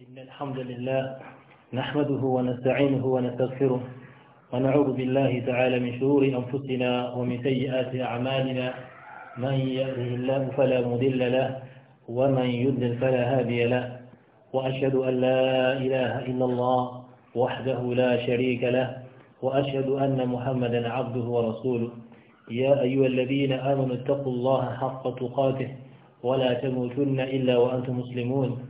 إن الحمد لله نحمده ونستعينه ونستغفره ونعوذ بالله تعالى من شرور أنفسنا ومن سيئات أعمالنا من يأله الله فلا مذل له ومن يذل فلا هادي له وأشهد أن لا إله إلا الله وحده لا شريك له وأشهد أن محمدا عبده ورسوله يا أيها الذين آمنوا اتقوا الله حق تقاته ولا تموتن إلا وأنتم مسلمون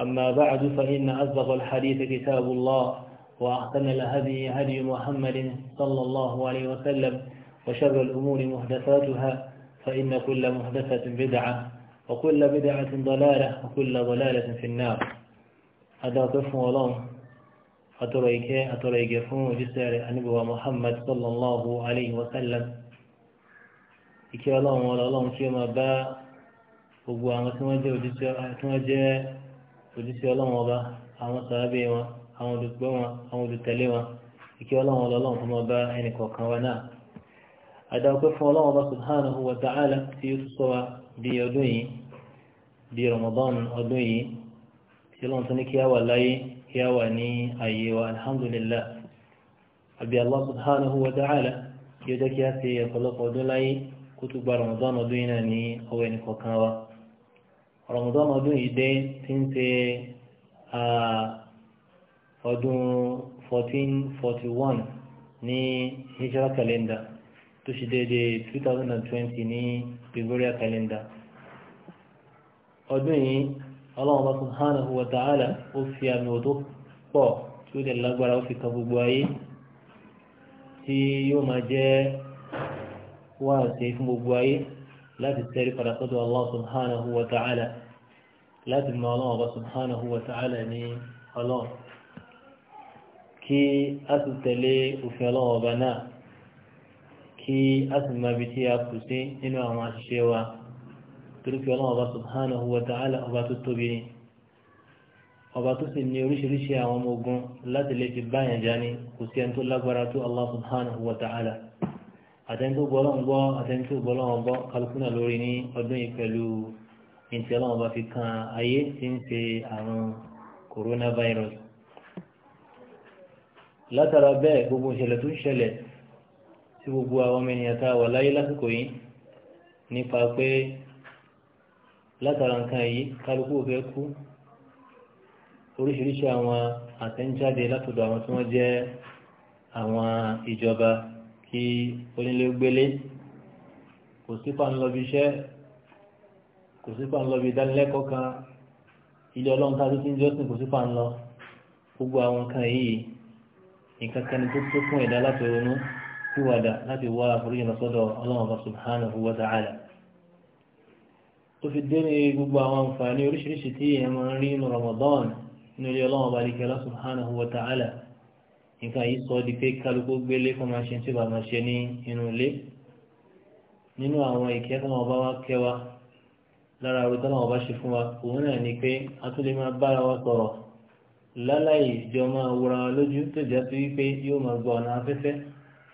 أما بعد فإن أصدق الحديث كتاب الله وأحسن الهدي هدي محمد صلى الله عليه وسلم وشر الأمور محدثاتها فإن كل محدثة بدعة وكل بدعة ضلالة وكل ضلالة في النار هذا طفل الله أتريك أتريك فون جسر أنبوى محمد صلى الله عليه وسلم إكي الله ولا الله كما با gbogbo àwọn tí wọ́n òjíṣẹ́ ọlọ́wọ́n ọba àwọn sàábẹ́ wọn àwọn olùgbọ́ wọn àwọn olùtẹ̀lé wọn ìkí ọlọ́wọ́n ọlọ́wọ́n fún ọba ẹnì kọ̀ọ̀kan wa náà àdáwọ̀pẹ́ fún ọlọ́wọ́n ọba subhanahu wa ta'ala tí ó sọ wa di ọdún yìí di Ramadan ọdún yìí tí ọlọ́wọ́n tó ní kí á wà láyé kí á wà ní ayé wa alhamdulillah àbí Allah subhanahu wa ta'ala kí ó jẹ́ kí á ti ọ̀pọ̀lọpọ̀ ọdún láyé kó tó gba Ramadan ọdún yìí náà ní ọwọ́ ẹnì kọ̀ọ̀kan wa. Ramadan ọdún yìí dé ti ń ṣe ọdún fourteen forty one ní hijra calendar tó ṣe déédéé two thousand and twenty ní gregorian calendar ọdún yìí ọlọ́run bá subhanahu wa ta'ala ó fi àmì òtó pọ̀ tí ó láti tẹ́rí padà sọ́dọ̀ Allah subhanahu wa ta'ala láti mọ ọlọ́wọ́ bá subhanahu wa ta'ala ní ọlọ́wọ́ kí a sì tẹ̀lé òfin ọlọ́wọ́ bá náà kí a sì máa bi tí a kù sí nínú àwọn àṣìṣe wa torí pé ọlọ́wọ́ bá subhanahu ọba tó tóbi ni ọba tó sì ní oríṣiríṣi àtẹni tó gbọ́lọ́n gbọ́ àtẹni tó gbọ́lọ́n gbọ́ kálukú náà lórí ní ọdún yìí pẹ̀lú ìntì ọlọ́run bá fi kan ayé tí ń ṣe àrùn coronavirus. látara bẹ́ẹ̀ gbogbo ìṣẹ̀lẹ̀ tó ń ṣẹlẹ̀ sí gbogbo àwọn ọmọ ènìyàn tá a wà láyé lásìkò yìí nípa pé látara nǹkan yìí kálukú fẹ́ kú oríṣiríṣi àwọn àtẹ̀jáde látọ̀dọ̀ àwọn tí wọ́n jẹ́ àwọn ìjọba sí onílégbélé kò sí pàǹlọ́bí iṣẹ́ kò sí pàǹlọ́bí ìdánilẹ́kọ̀ọ́ kan ilé ọlọ́run tá a ti ti ń jọ́sìn kò sí pàǹlọ́ gbogbo àwọn nǹkan yìí nǹkan kan tó tó fún ẹ̀dá láti ronú síwádà láti wá àforíjì lọ́sọ́dọ̀ ọlọ́run bá subhanahu wa ta'ala tó fi dé ní gbogbo àwọn àǹfààní oríṣiríṣi tí èèyàn máa ń rí ní Ramadan nílé ọlọ́run bá lè subhanahu wa ta'ala nǹkan yìí sọ di pé kálukú gbélé kó máa ṣe tí ó bá máa ṣe ní inú ilé nínú àwọn ìkẹ́ tó máa bá wá kẹ́ wa lára àwọn tó máa bá ṣe fún wa òun náà ni pé a tún lè máa bára wa sọ̀rọ̀ láláì jọ máa wúra wa lójú tó jẹ́ sí wípé yóò máa gba ọ̀nà afẹ́fẹ́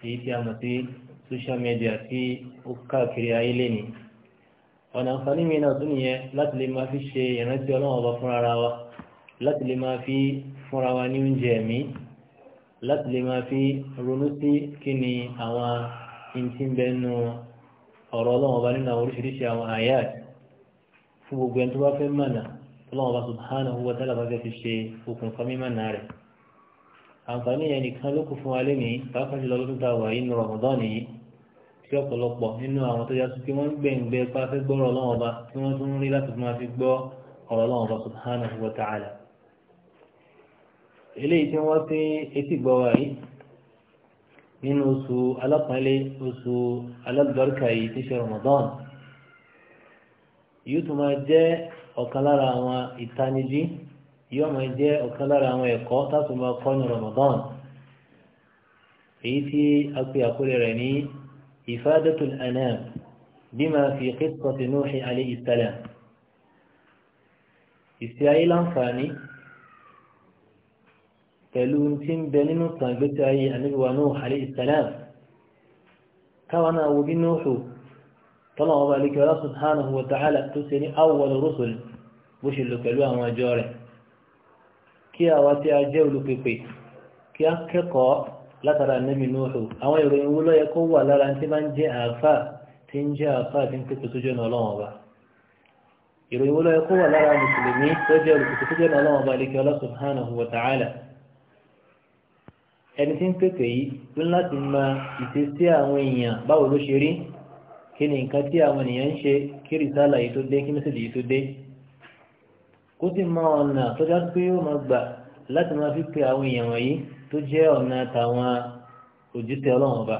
èyí tí a mọ̀ sí social media tí ó káàkiri ayé lẹ́nìí ọ̀nà àǹfààní mi náà tún nìyẹn láti lè máa fi ṣe ìrántí ọlọ́run ọba fúnra wa láti lè máa fi fúnra wa ní oúnjẹ mi láti lè máa fi ronú sí kí ni àwọn ìntí ń bẹnu ọ̀rọ̀ ọlọ́run ọba nínú àwọn oríṣiríṣi àwọn ayat fún gbogbo ẹni tó bá fẹ́ mọ̀nà ọlọ́run ọba subhanahu wa ta'ala bá fẹ́ fi ṣe okùnfà mímọ̀nà rẹ̀ àǹfààní yẹn nìkan ló kù fún wa lẹ́nìí pàápàá jùlọ lọ́dún tá a wà yìí nínú Ramadan yìí tí ọ̀pọ̀lọpọ̀ nínú àwọn tó yàtọ̀ tí wọ́n ń gbẹ̀ǹgbẹ́ fẹ́ gbọ́rọ̀ ọlọ́run ọba tí wọ́n tún rí láti fi máa fi gbọ́ ọ̀rọ̀ ọlọ́run ọba subhanahu eléyìí tí wọ́n sí etí gbọ́ wa yìí nínú oṣù alápọ̀nlé oṣù alábàárìkà yìí ti ṣe Ramadan yóò tún máa jẹ́ ọ̀kan lára àwọn ìtanijí yóò máa jẹ́ ọ̀kan lára àwọn ẹ̀kọ́ tátù máa kọ́ ní Ramadan èyí tí a pè àkórè rẹ̀ ní ifadatul anam bima fi qissati Nuhi alayhi salam ìsì ayé láǹfààní pẹ̀lú tí ń bẹ nínú tàn gbẹ́tẹ̀ ayé ànábìwá Nuhu alayhi salam káwọn náà wo bí Nuhu tọ́lọ̀ ọba alikẹ́ ọlá subhanahu wa ta'ala tó ṣe ní awwal rusul bó ṣe lò pẹ̀lú àwọn ọjọ́ rẹ̀ kí àwa tí a jẹ́ olùpèpè kí a kẹ́kọ̀ọ́ látara ànábì Nuhu àwọn ìròyìn wo ló yẹ kó wà lára tí máa ń jẹ́ àáfà tí ń jẹ́ àáfà tí ń pèpè sójú ìròyìn wo ló wà lára mùsùlùmí tó jẹ́ olùpèpè sójú ọ̀nà ọlọ́wọ́n ọba alikẹ́ ọlá subhanahu wa ta'ala ẹni tí ń pèpè yìí ló ní láti mọ e àwọn èèyàn báwo ló ṣe rí kí ni nǹkan tí àwọn èèyàn ń ṣe kí rìsálà yìí tó dé kí mẹ́sàgì yìí tó dé kó sì mọ ọ̀nà tó pé ó máa gbà láti máa fi pe àwọn èèyàn wọ̀nyí tó jẹ́ ọ̀nà tàwọn ọlọ́run ọba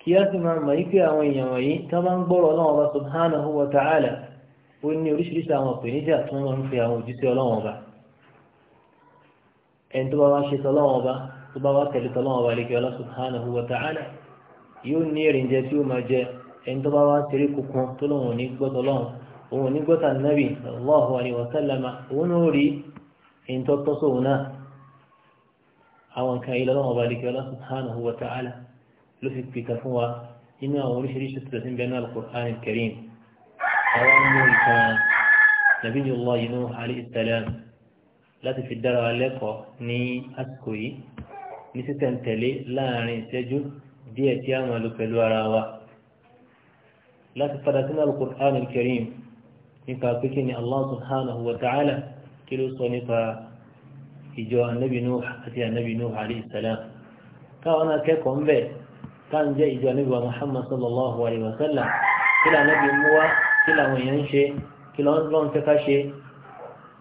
kí á sì máa mọ̀ yí pé àwọn èèyàn wọ̀nyí tó bá ń gbọ́rọ̀ ọlọ́run ọba subhanahu wa ta'ala ó ní oríṣiríṣi àwọn ìpèníjà tó ń pe àwọn ọba ẹni tó bá wá ṣe tọ́lọ́wọ́n ọba tó bá wá tẹ̀lé tọ́lọ́wọ́n ọba lẹ́kẹ́ Allah subhanahu wa ta'ala yóò ní èrìn jẹ tí ó máa jẹ ẹni tó bá wá tẹ̀lé kankan tó lọ́wọ́n ní gbọ́ tọ́lọ́wọ́n òun ní gbọ́tà nàbì sallallahu alaihi wa sallama òun ó rí ẹni tó tọ́ sóun náà àwọn nǹkan ilé ọlọ́wọ́n ọba lẹ́kẹ́ Allah subhanahu wa ló fi pìkà fún wa nínú àwọn oríṣiríṣi láti fi dára wa lẹ́kọ̀ọ́ ní àsìkò yìí ní sísẹ̀ntẹ̀lé láàrin ìṣẹ́jú díẹ̀ tí a máa lò pẹ̀lú ara wa láti padà sínú al-Qur'an al-Karim nípa pé kí ni Allah subhanahu wa ta'ala kí ló sọ nípa ìjọ anabi Nuh àti anabi Nuh alayhi salam káwọn akẹ́kọ̀ọ́ ń bẹ̀ káwọn jẹ́ ìjọ anabi wa Muhammad sallallahu alayhi wa sallam kí làwọn èèyàn ń ṣe kí làwọn ń fẹ́ ká ṣe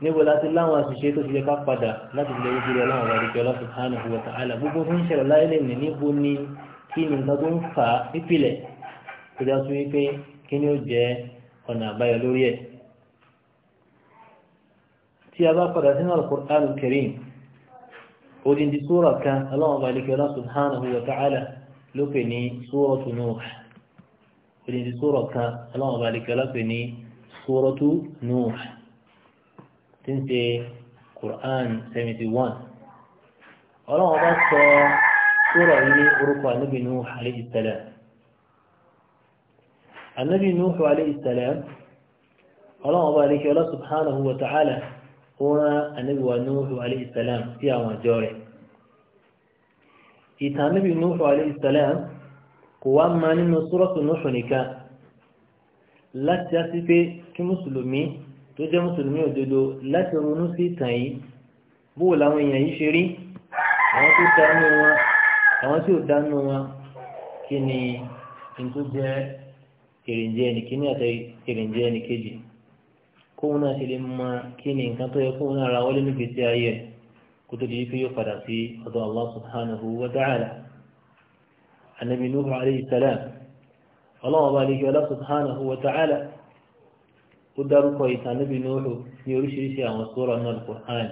níbo láti láwọn àṣìṣe tó ti yẹ ká padà láti lè rí jùlọ láwọn ọ̀rọ̀ ìjọ lọ́sùn hánà ìwọ̀ tààlà gbogbo fún ìṣẹ̀lẹ̀ láìlè ní níbo ni kí ni nǹkan tó ń fà á nípìnlẹ̀ tó já sí wípé kí ni ó jẹ́ ọ̀nà àbáyọ lórí ẹ̀. tí a bá padà sínú al-Qur'an al odindi súra kan aláwọn ọba ìlẹ̀kẹ̀ lọ́sùn hánà ìwọ̀ tààlà ló pè ní Suratu Nuh odindi súra kan aláwọn ọba ìlẹ̀kẹ̀ lọ́sùn tí ń ṣe Quran seventy one ọlọ́run bá sọ sórọ̀ yìí ní orúkọ ànábì Nuhu alayhi salam ànábì Nuhu alayhi salam ọlọ́run bá lè kí ọlọ́ subhanahu wa ta'ala ó rán ànábì wa Nuhu alayhi salam sí àwọn àjọ rẹ̀ ìtàn ànábì Nuhu alayhi salam kò wá máa nínú sórọ̀tù Nuhu nìkan láti á sí pé kí mùsùlùmí tó jẹ́ mùsùlùmí òdodo láti ronú sí ìtàn yìí bó làwọn èèyàn yìí ṣe rí àwọn tó dánú wọn àwọn tí ò dánú wọn kí ni nítorí jẹ́ kèrèǹjẹ ẹnìkíní àti kèrèǹjẹ ẹnìkejì kóun náà ṣe lè mọ kí ni nǹkan tó yẹ kóun náà ra wọlé níbi tí ayé rẹ̀ kó tó di pé yóò padà sí ọ̀dọ̀ Allah subhanahu wa ta'ala anabi nuhu alayhi salam ọlọ́wọ́ bá lè ṣe Allah subhanahu wa ta'ala ó dárúkọ ìtàn níbi nóòlù ní oríṣiríṣi àwọn sọ́rọ̀ náà Al-Qur'an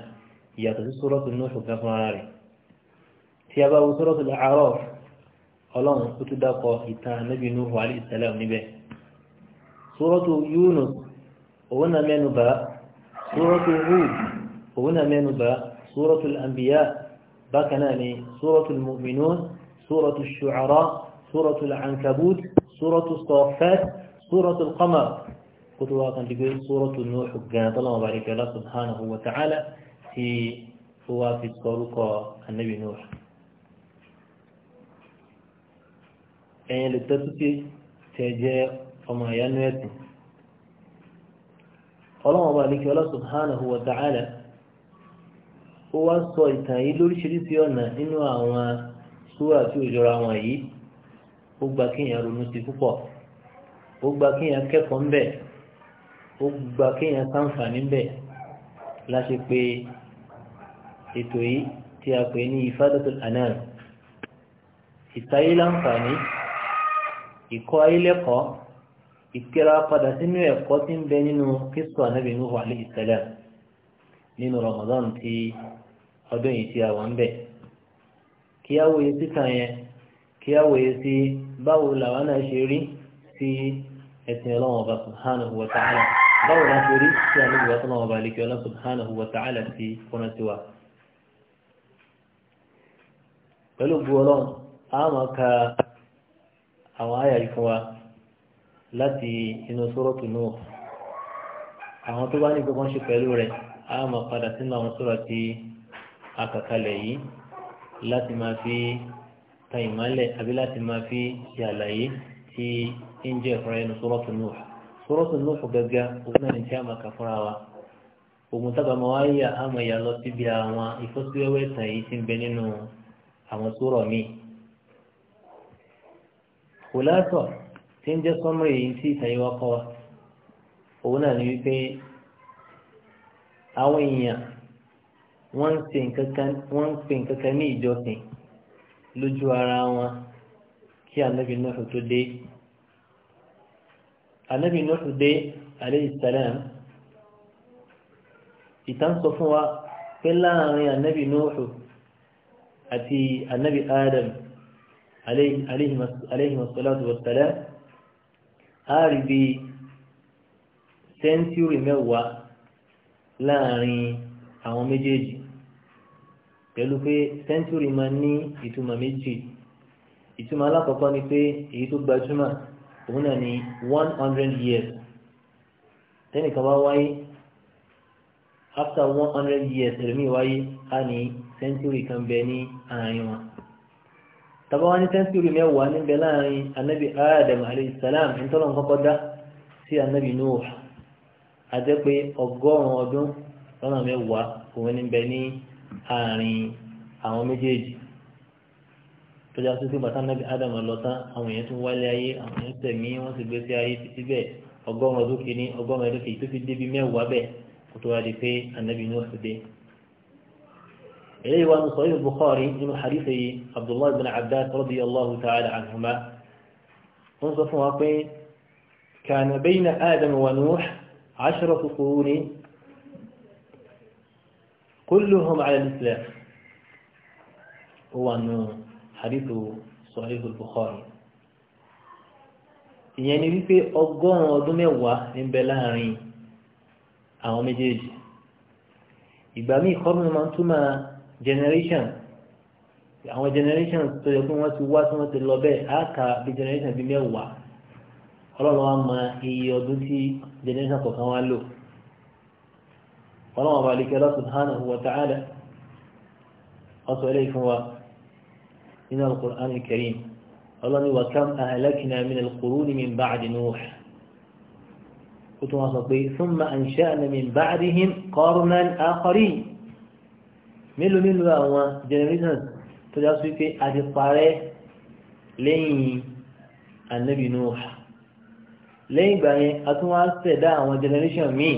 ìyàtọ̀ sí sọ́rọ̀tù nóòlù gan fúnra rẹ̀ tí a bá wo sọ́rọ̀tù Al-A'raf ọlọ́run ó tún dákọ ìtàn níbi nóòlù alayhi salam níbẹ̀ sọ́rọ̀tù Yunus òun náà mẹ́nu bá sọ́rọ̀tù Hud òun náà mẹ́nu bá sọ́rọ̀tù Al-Anbiya bákan náà ni sọ́rọ̀tù Al-Mu'minun sọ́rọ̀tù Ash-Shu'ara sọ́rọ̀tù Al-Ankabut sọ́rọ̀tù As-Saffat sọ́rọ̀tù Al-Qamar kó tó wá kan ti gbé sórọ́tù nóòhù gan tọ́lọ́mọ bá dìgbẹ́ lọ́sọ̀ subhanahu wa ta'ala tí ó wá fi sọ́rúkọ anábì nóòhù. ẹ̀yin lè tẹ́tù sí tẹ́ jẹ́ ọmọ ìyanu ẹ̀sìn ọlọ́mọ bá dìgbẹ́ lọ́sọ̀ subhanahu wa ta'ala ó ó gba kéèyàn sáǹfààní bẹ̀ láti pé ètò yìí tí a pè ní ifadatul anan ìtayé láǹfààní ìkọ́ ayé lẹ́kọ̀ọ́ ìkẹ́ra padà sínú ẹ̀kọ́ tí ń bẹ nínú kristu anabi nuhu alayhi salam nínú ramadan tí ọdún yìí tí a wà ń bẹ̀ kí á wòye síta yẹn kí á wòye sí báwo làwọn náà ṣe rí sí ẹ̀sìn ọlọ́wọ́n ọba subhanahu wa ta'ala báwo la ṣe rí sí àlejò wa tọ́lọ́wọ́ bá lékè ọlá subhanahu wa ta'ala sí fúnra sí wa. pẹ̀lú bu ọlọ́run a máa ka àwọn àyà yìí fún wa láti inú sọ́rọ́tù Nuh àwọn tó bá ní gbogbo ṣe pẹ̀lú rẹ̀ a máa padà sínú àwọn sọ́rọ̀ tí a yìí láti máa fi ta ìmọ̀lẹ̀ àbí láti máa fi ṣe àlàyé tí ń jẹ́ ìfúnra inú sọ́rọ́tù Nuh sọ́rọ́tún lóòfù gẹ́gẹ́ òun náà ní tí a máa kà fúnra wa ògùn sábà máa wáyé àmọ́ ìyá lọ síbi àwọn ìfọ́síwẹ́wẹ́ ìtàn yìí ti ń bẹ nínú àwọn sọ́rọ̀ míì kòlásọ̀ tí ń jẹ́ sọ́mọ́ èyí tí ìtàn yìí wá kọ́ wa òun náà ní wípé àwọn èèyàn wọ́n ń pè nǹkan kan ní ìjọsìn lójú ara wọn kí ànábì náà tó dé anabi nuhu dé alayhi salam ìtàn sọ fún wa pé láàrin anabi nuhu àti anabi adam alayhi masalatu wa salam a rí bí sẹ́ńtúrì mẹ́wàá láàrin àwọn méjèèjì pẹ̀lú pé sẹ́ńtúrì máa ní ìtumọ̀ méjì ni pé èyí tó gbajúmọ̀ òun náà ní one hundred years tẹ́nìkan bá wáyé after one hundred years ẹlòmíì wáyé á ní century kan bẹ ní àárín wọn tàbá wá ní century mẹ́wàá níbẹ̀ láàrin anabi adam aleyhisselam nítorí nǹkan kọ́dá sí anabi noah àjẹ́ pé ọgọ́rùn-ún ọdún lọ́nà mẹ́wàá òun níbẹ̀ ní àárín àwọn méjèèjì tọ́já sí pé bàtà nàbì ádámù lọ tán àwọn èèyàn tún wálé ayé àwọn èèyàn tẹ̀mí wọ́n ti gbé sí ayé títí bẹ́ẹ̀ ọgọ́rùn ọdún kìíní ọgọ́rùn ọdún kìíní tó fi débi mẹ́wàá bẹ́ẹ̀ kó tó wá di pé anabi inú ọ̀sẹ̀ dé. eléyìí wà ní sọ́yìn Bukhari nínú yìí Abdullahi bin rabi allahu ta'ala anhuma wọ́n sọ fún wa pé kana bẹ́yìn ádámù wa Nuh ashratu quruni kulluhum ala islam wà nù. hadithu sọ̀rọ̀ Bukhari ìyẹn ni wípé ọgọ́rùn-ún ọdún mẹ́wàá ní bẹ láàrin àwọn méjèèjì ìgbà míì kọ́mínú máa ń túmọ̀ generation àwọn generation tó yẹ kó wọ́n ti wá tí wọ́n ti lọ bẹ́ẹ̀ á kà bí generation bíi mẹ́wàá ọlọ́run wa mọ iye ọdún tí generation kọ̀ọ̀kan wá lò ọlọ́run wa lè kẹ́ lọ́sùn hánà wọ̀tá àdá ọ̀sọ̀ eléyìí fún wa nínú alukur'an karim ọlọ́ni wà kam ahlakna min alquruni min ba'di nuh ó tún wá sọ pé thumma ansha'na min ba'dihim qarnan akharin mélòó mélòó àwọn generations tó já sí pé a ti parẹ́ lẹ́yìn anabi nuh lẹ́yìn ìgbà yẹn a tún wá ṣẹ̀dá àwọn generation míì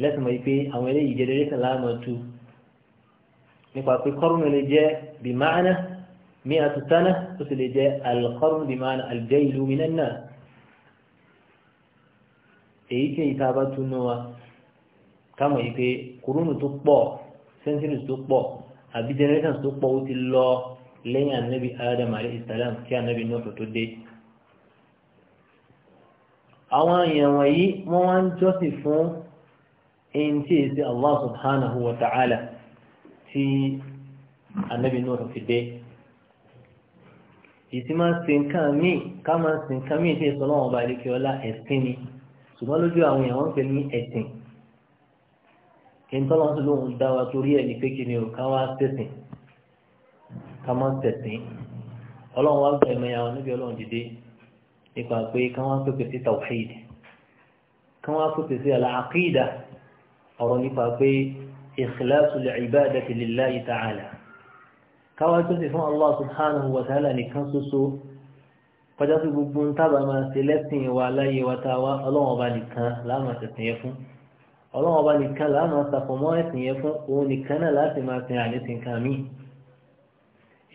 lẹ́sìn mọ́ pé àwọn eléyìí generation láàmú tu nípa pé kọ́rùn-ún lè jẹ́ bìmáàná مئة سنة تسل جاء القرن بمعنى الجيل من الناس èyí tí ìta bá tún ní wa kámọ̀ yìí pé kùrúnù tó pọ̀ centuries tó pọ̀ àbí generations tó pọ̀ ó ti lọ lẹ́yìn anabi adam alayhi salam kí anabi náà tó dé. àwọn èèyàn wọ̀nyí wọ́n wá ń jọ́sìn fún ẹni tí èsì allah subhanahu wa ta'ala tí anabi náà fi dé ìtì máa ń sin nǹkan míì ká máa ń sin nǹkan míì tí èso ọlọ́wọ́n ọba àlekè ọlá ẹ̀sìn ni ṣùgbọ́n lójú àwọn èèyàn wọ́n pè ní ẹ̀sìn ìtọ́lọ́sí lóhun dá wa torí ẹ̀ ní pé kí ni o ká wá sẹ̀sìn ká máa sẹ̀sìn ọlọ́run wá gba ìmọ̀ ìyàwó níbi ọlọ́run dìde nípa pé ká wá pèpè sí tawhid ká wá pèpè sí al-aqida ọ̀rọ̀ nípa pé ikhlasul ibadati lillahi káwá tó ti fún Allah subhanahu wa ta'ala nìkan ṣoṣo kọjá sí gbogbo ń tábà máa ṣe lẹ́sìn wa láyé wa tá a wá ọlọ́run ọba nìkan láàmà ṣẹ̀sìn yẹn fún ọlọ́run ọba nìkan láàmà ṣàfọ̀mọ́ ẹ̀sìn yẹn fún òun nìkan náà láti máa sin àníṣin kan míì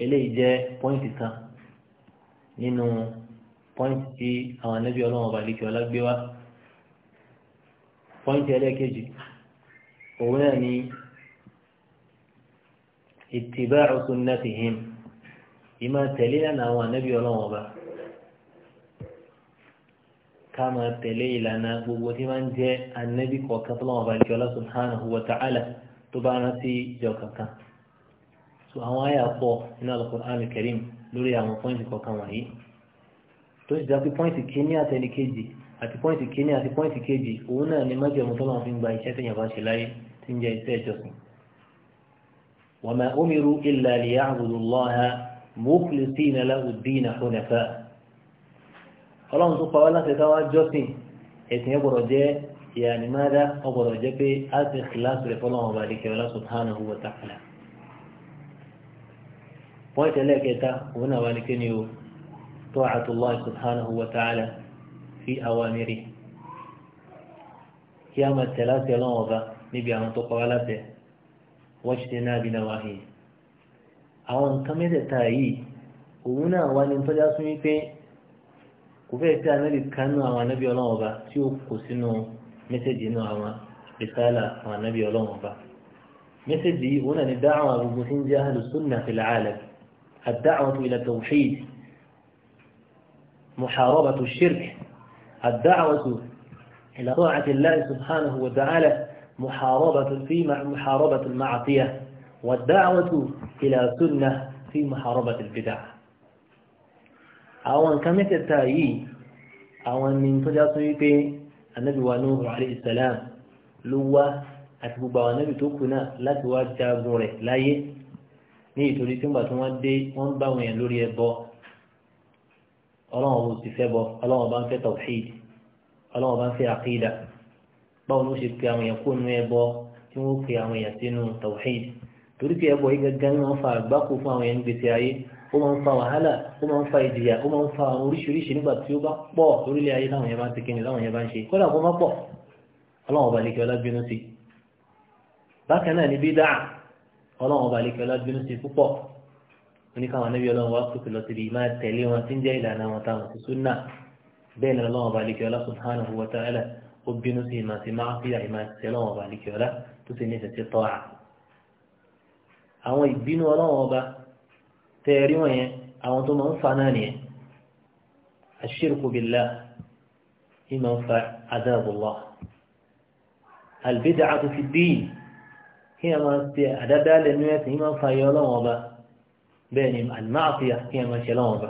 eléyìí jẹ́ pọ́ìntì kan nínú pọ́ìntì tí àwọn anábì ọlọ́run ọba nìkan lágbé pọ́ìntì ẹlẹ́ẹ̀kejì òun náà ni ittiba'u sunnatihim ìmọ̀ tẹ̀lé lánàá àwọn ànábì ọlọ́wọ́n ọba ká máa tẹ̀lé ìlànà gbogbo tí máa ń jẹ́ ànábì kọ̀ọ̀kan tó lọ́wọ́ ọba ìjọ Allah subhanahu wa ta'ala tó bá rántí ìjọ kankan so àwọn àyà pọ̀ nínú al-Qur'an al-Karim lórí àwọn pọ́ìntì kọ̀ọ̀kan wọ̀nyí tó ti dá pé pọ́ìntì kíní àtẹni kejì àti pọ́ìntì kíní àti pọ́ìntì kejì òun náà ni májèmú tó máa fi ń jẹ́ iṣẹ́ وما أمروا إلا ليعبدوا الله مخلصين له الدين حنفاء فلنظر فأولا ستوى جوثي إذن يبرجي يعني ماذا أبرجي في أس إخلاص لفلان وبالك ولا سبحانه وتعالى وإن تلك هنا ولكن طاعة الله سبحانه وتعالى في أوامره يا ما الثلاثة لنظر نبي عن تقوالاته واجتناب نواهيه او ان كم يتاي قلنا وان انت جاء سميك كفية تعمل كانوا على نبي الله وبا سيو كسنو مسجينو على رسالة على نبي الله وبا مسجي هنا الدعوة بمسين جاهل السنة في العالم الدعوة إلى التوحيد محاربة الشرك الدعوة إلى طاعة الله سبحانه وتعالى محاربة في محاربة المعصية والدعوة إلى سنة في محاربة البدع àwọn nǹkan mẹ́tẹ̀ẹ̀ta yìí àwọn ni tó já sún wípé anábìwá Nuhu alayhi salam ló wá àti gbogbo àwọn anábì tó kù náà láti wá jagun rẹ̀ láyé ní ìtorí tí ńgbà tí wọ́n dé wọ́n bá wọn yẹn lórí ẹbọ ọlọ́run ò sì fẹ́ bọ ọlọ́run bá ń fẹ́ tawhid ọlọ́run bá ń fẹ́ àkídà báwo ló ṣe pe àwọn èèyàn kó nu ẹbọ tí wọ́n pe àwọn èèyàn sínú tawhid torí pé ẹbọ yìí gangan ni wọ́n fa àgbákò fún àwọn èèyàn gbèsè ayé ó máa ń fa wàhálà ó máa ń fa ìjìyà ó máa ń fa oríṣiríṣi nígbà tí ó bá pọ̀ lórílẹ̀ ayé láwọn yẹn bá ń ti kíni láwọn yẹn bá ń ṣe kódà kó má pọ̀ ọlọ́run ọba àlekẹ́ ọlábínú sí bákan náà ní bídà ọlọ́run ọba àlekẹ́ ọlábínú sí púpọ̀ oníkàwọn anábì wá pèsè ó bínú sí ìmọ̀ sí máa fi àìmọ̀ tẹ́lọ̀ ọba àlìkẹ́ ọ̀la tó ti ní ìṣẹ̀tì tọ́ra àwọn ìbínú ọlọ́wọ́n ọba tẹ́ẹ̀rí wọn yẹn àwọn tó máa ń fa náà nìyẹn aṣírkù billah ìmọ̀ ń fa adabullah albid'atu fi ddin kí a máa ṣe àdádálẹ̀ ní ẹ̀sìn ìmọ̀ ń fa ayé ọlọ́wọ́n ọba bẹ́ẹ̀ ni àlmáàfíà kí a máa ṣe ọlọ́wọ́n ọba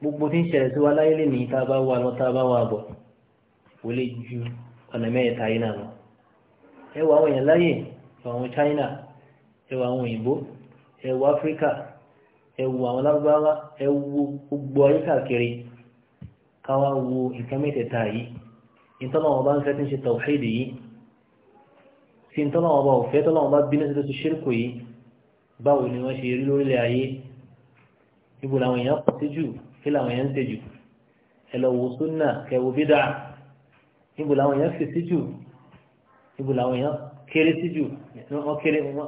gbogbo tí ń ṣẹlẹ̀ sí wa láyé lè ní kò lè ju ọ̀nà mẹ́ta yìí náà lọ ẹ wọ àwọn èèyàn láyè ẹ wọ àwọn China ẹ wọ àwọn òyìnbó ẹ wọ Áfíríkà ẹ wọ àwọn lágbáwá ẹ wọ gbogbo ayé káàkiri káwá wo nǹkan mẹ́tẹ̀ẹ̀ta yìí ìtọ́lọ́wọ́n bá ń fẹ́ tí ń ṣe tàwíìdì yìí sí ìtọ́lọ́wọ́n bá òfẹ́ tọ́lọ́wọ́n bá bínú sí tó ṣe ṣírkù yìí báwo ni wọ́n ṣe rí lórílẹ̀ ayé ibo làwọn èèyàn pọ̀ sí jù kí làwọn èèyàn ń ṣe jù ẹ lọ wo súnà kẹwo bídà níbo làwọn èèyàn fèsì jù níbo làwọn èèyàn kéré sí jù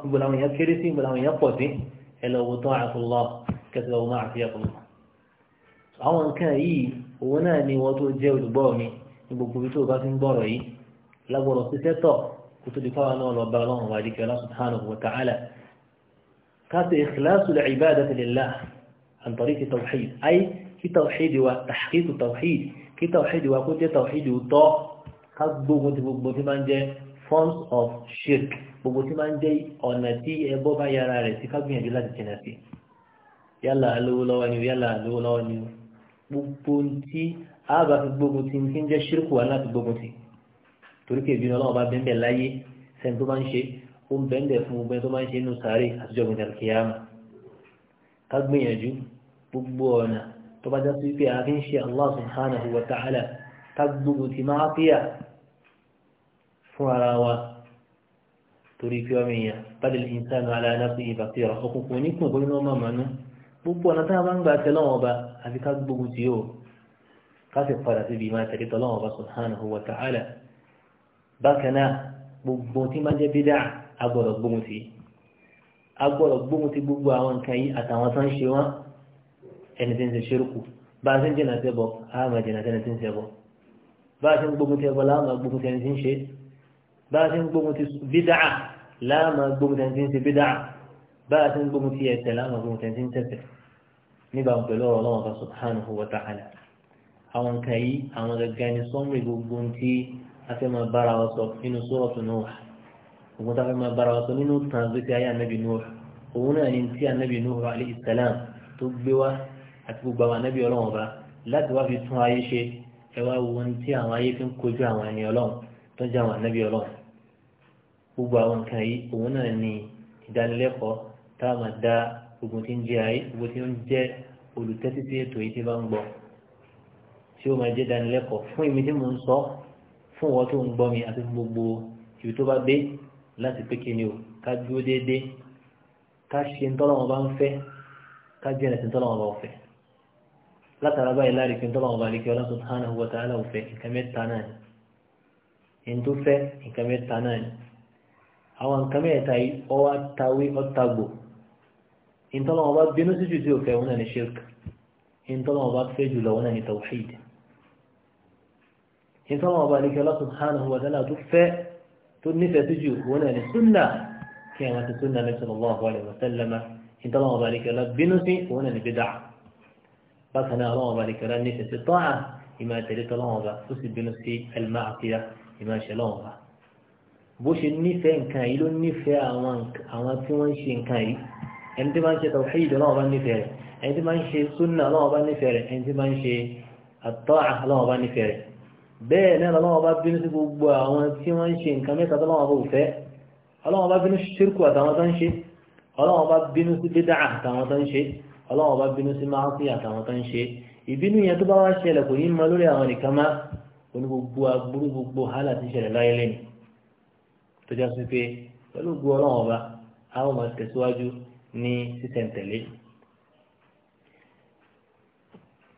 níbo làwọn èèyàn kéré sí níbo làwọn èèyàn pọ̀ sí ẹ owó wo tó lọ kẹsàn-án wọn àti ẹ̀kọ́ àwọn nǹkan yìí òun náà ni wọ́n tó jẹ́ olùgbọ́ mi ní gbogbo ibi tó bá ti ń gbọ́rọ̀ yìí lágbọ́rọ̀ sí tọ̀ kó tó di fáwọn náà lọ bá ọlọ́run wà dìkẹ́ Allah subhanahu wa ta'ala le kí لله عن ki التوحيد wa كي توحيد ki التوحيد wa tàwáhìd توحيد to ká gbógun ti gbogbo tí máa ń jẹ́ forms of shirk gbogbo tí máa ń jẹ́ ọ̀nà tí ẹbọ bá yára rẹ̀ sí ká gbìyànjú láti jìnà sí yálà lówó lọ́wọ́ ni yálà lówó lọ́wọ́ ni gbogbo tí a bá fi gbógun ti ti ń jẹ́ shirk wà láti gbógun ti torí kí ìbínú ọlọ́wọ́ bá bẹ́ẹ̀ láyé sẹ́ni tó máa ń ṣe ó ń bẹ́ẹ̀ fún gbogbo ẹni tó máa ń ṣe inú sàárè àtijọ́ gbìyànjú ká gbìyànjú gbogbo ọ̀nà tó bá já sí wípé a fi ń ṣe Allah subhanahu wa ta'ala ká gbogbo ti máa píyà fún ara wa torí pé ọmọ èèyàn bàdé lè ta ní ala aláfi ìbàtí ọ̀rọ̀ ọkùnkùn oníkùn bóyá ọmọ mọ̀nú gbogbo ọ̀nà tá a máa ń gbà tẹ lọ́wọ́n ọba àfi ká gbogbo tí yóò ká sì padà síbi máa tẹ̀lé tọ́ ọba subhanahu wa ta'ala bákan náà gbogbo tí máa jẹ́ bídà agbọ́dọ̀ gbógun ti agbọ́dọ̀ gbógun ti gbogbo àwọn nǹkan yìí àtàwọn tó ń ṣe wọ́n ẹni tí ń ṣe ṣerúkù bá a ti ń jìnà sẹ́bọ̀ bá a ṣe ń gbógun ti ẹbọ láàmà gbógun ti ẹni tí ń ṣe bá a ṣe ń gbógun ti bídáà láàmà gbógun ti ẹni tí ń ṣe bídáà bá a ṣe ń gbógun ti ẹ̀ṣẹ̀ láàmà gbógun ti ẹni tí ń ṣẹ̀ṣẹ̀ nígbà pẹ̀lú ọ̀rọ̀ ọlọ́wọ́n kan subhanahu wa ta'ala àwọn nǹkan yìí àwọn gẹ́gẹ́ ni sọ́mùrì gbogbo ti afẹ́ bára wa sọ nínú suratu Nuh ògùn tó afẹ́ máa bára wa sọ nínú tàǹsítì ayé anabi Nuh òun náà ni ti anabi Nuh alayhi salam tó gbé wa àti gbogbo àwọn anabi ọlọ́wọ́n ba láti wá fi tún ayé ṣe ẹ wá wo ohun tí àwọn ayé fi ń kojú àwọn ẹni ọlọ́run tó ń jẹ́ àwọn ànábì ọlọ́run gbogbo àwọn nǹkan yìí òun náà ni ìdánilẹ́kọ̀ọ́ tá a máa dá gbogbo tí ń jẹ́ ayé gbogbo tí ó ń jẹ́ olùtẹ́tí tí ètò yìí ti bá ń gbọ́ tí ó máa jẹ́ ìdánilẹ́kọ̀ọ́ fún èmi tí mò ń sọ fún ìwọ tó ń gbọ́ mi àti fún gbogbo ibi tó bá dé láti pé kí ni o ká dúró déédéé ká ṣe ń tọ́lọ́wọ́n bá ń fẹ́ ká jẹ́ ẹ̀sìn لا ترى باي لا ركين دبا وبالك ولا سبحانه وتعالى وفي كميت تاناني إن توفى إن كميت تاناني أو أن كميت أي أو التاوي أو التابو إن طلع وبات بينو سجوزي وفي هنا نشرك إن طلع وبات في جلو هنا نتوحيد إن طلع وبالك ولا سبحانه وتعالى توفى تنفى تجو هنا نسنة كما تسنة صلى الله عليه وسلم إن طلع وبالك ولا بينو سي هنا نبدعه bákan náà ọlọ́wọ́n ọba nìkẹ́lá ní tẹ̀sí tọ́à ìmọ̀ àtẹ̀lé tọ́lọ́wọ́n ọba tó sì bínú sí ẹlẹ́mà àfíà ìmọ̀ àṣẹ lọ́wọ́n ọba. bó ṣe nífẹ̀ẹ́ nǹkan yìí ló nífẹ̀ẹ́ àwọn tí wọ́n ń ṣe nǹkan yìí ẹni tí tawhid ọlọ́wọ́n ọba nífẹ̀ẹ́ rẹ̀ ẹni tí sunna ọlọ́wọ́n ọba nífẹ̀ẹ́ rẹ̀ ẹni tí máa ń ṣe àtọ́à ọlọ́wọ́n ọba nífẹ̀ẹ́ rẹ̀ bẹ́ẹ̀ náà lọ́wọ́ bá bínú sí gbogbo àwọn tí wọ́n ń ṣe nǹkan mẹ́ta tó lọ́wọ́ bó fẹ́ ọlọ́wọ́ bá bínú sí ṣírkù àtàwọn tó ń ṣe ọlọ́wọ́ bá bínú sí ọlọ́wọ́n bá bínú sí máa sí àtàwọn tó ń ṣe ìbínú yẹn tó bá wá ṣẹlẹ̀ kò ní mọ lórí àwọn nìkan má oní gbogbo agbúrú gbogbo hálà ti ṣẹlẹ̀ láyé lẹ́nu tó já sí pé pẹ̀lú gbogbo ọlọ́wọ́n bá a ó máa tẹ̀síwájú ní sísẹ̀ntẹ̀lé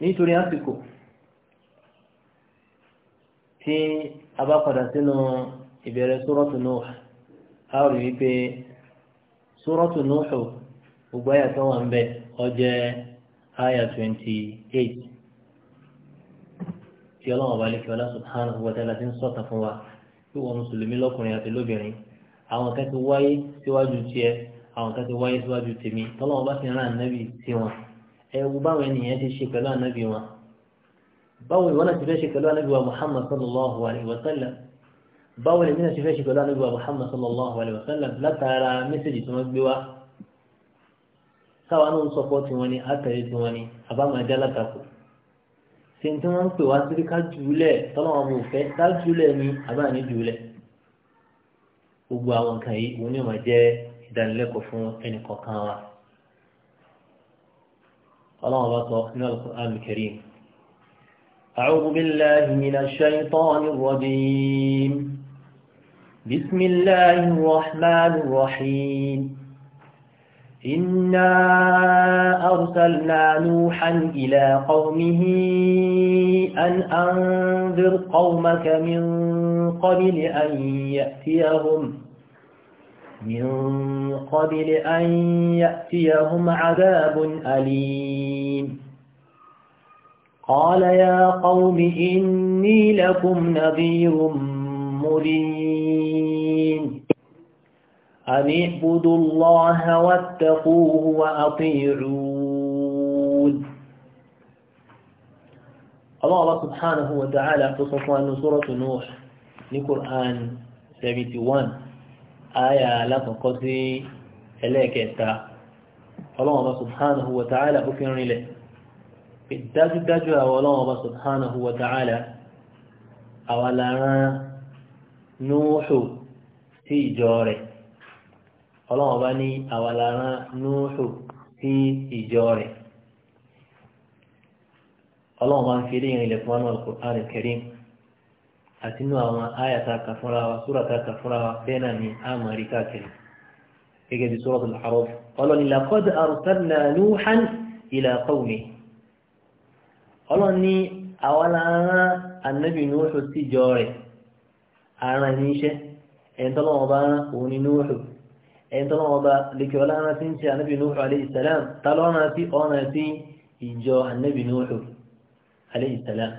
nítorí àsìkò tí a bá padà sínú ìbẹ̀rẹ̀ sórọ́tù Nuh a ó rí wípé sórọ́tù Nuh gbogbo àyàtọ̀ wà ń bẹ́ẹ̀ ọjẹ́ aya twenty eight tí ọlọ́run ọba lè fi ọlá subhanahu wa ta'ala ti ń sọ̀tàn fún wa kí wọn mùsùlùmí lọ́kùnrin àti lóbìnrin àwọn kan ti wáyé síwájú tiẹ̀ àwọn kan ti wáyé síwájú tèmi tọ́lọ́run bá ti rán ànábì sí wọn ẹ wo báwọn ènìyàn ti ṣe pẹ̀lú ànábì wọn báwo ìwọ náà ti fẹ́ ṣe pẹ̀lú ànábì wa muhammad sallallahu alayhi wa sallam báwo ènìyàn ti fẹ́ ṣe pẹ̀lú ànábì wa muhammad sallallahu alayhi wa sallam látara mẹ́sẹ̀jì tí wọ́n gbé wá káwa náà ń sọpọ́ tí wọ́n ní àtẹ̀lé tí wọ́n ní àbámadé alátakò ṣe tí wọ́n ń pè wá sí ká jùlẹ̀ tọ́lọ́wọ́n mo fẹ́ ká jùlẹ̀ ni àbáàní jùlẹ̀ gbogbo àwọn nǹkan yìí òun ni ó máa jẹ́ ìdánilẹ́kọ̀ọ́ fún ẹnì kọ̀ọ̀kan wa ọlọ́wọ́n bá sọ ní Al-Qur'an Al-Karim أعوذ بالله من الشيطان الرجيم بسم الله الرحمن الرحيم إنا أرسلنا نوحا إلى قومه أن أنذر قومك من قبل أن يأتيهم من قبل أن يأتيهم عذاب أليم قال يا قوم إني لكم نذير مبين أن اعبدوا الله واتقوه وأطيعون الله سبحانه وتعالى في صفوان سورة نوح لقرآن 71 آية لفقتي إليك الله سبحانه وتعالى أكرني له في dájú àwọn ọlọ́wọ́ الله سبحانه وتعالى أولا نوح في جاره ọlọ́wọ́n bá ní àwàlára núhù sí ìjọ rẹ̀ ọlọ́wọ́n bá ń fi eléyìn ilẹ̀ fún wọn Al-Qur'an Al-Karim àti inú àwọn àyàtà kàfúnra wa súràtà kàfúnra wa bẹ́ẹ̀ náà ní àmàrí káàkiri gẹ́gẹ́ bí Suratul A'raf ọlọ́ni laqad arsalna Nuhan ila qawmihi ọlọ́ni àwàlára annabi núhù sí ìjọ rẹ̀ ara ní iṣẹ́ ẹ̀ńtọ́lọ́wọ́n bá ń rán ní núhù ẹni tọ́lọ́ ọba lèkẹ́ ọlọ́run ti ń ṣe ànábì Nuhu alayhi salam ta lọ́run àti ọ̀nà sí ìjọ ànábì Nuhu alayhi salam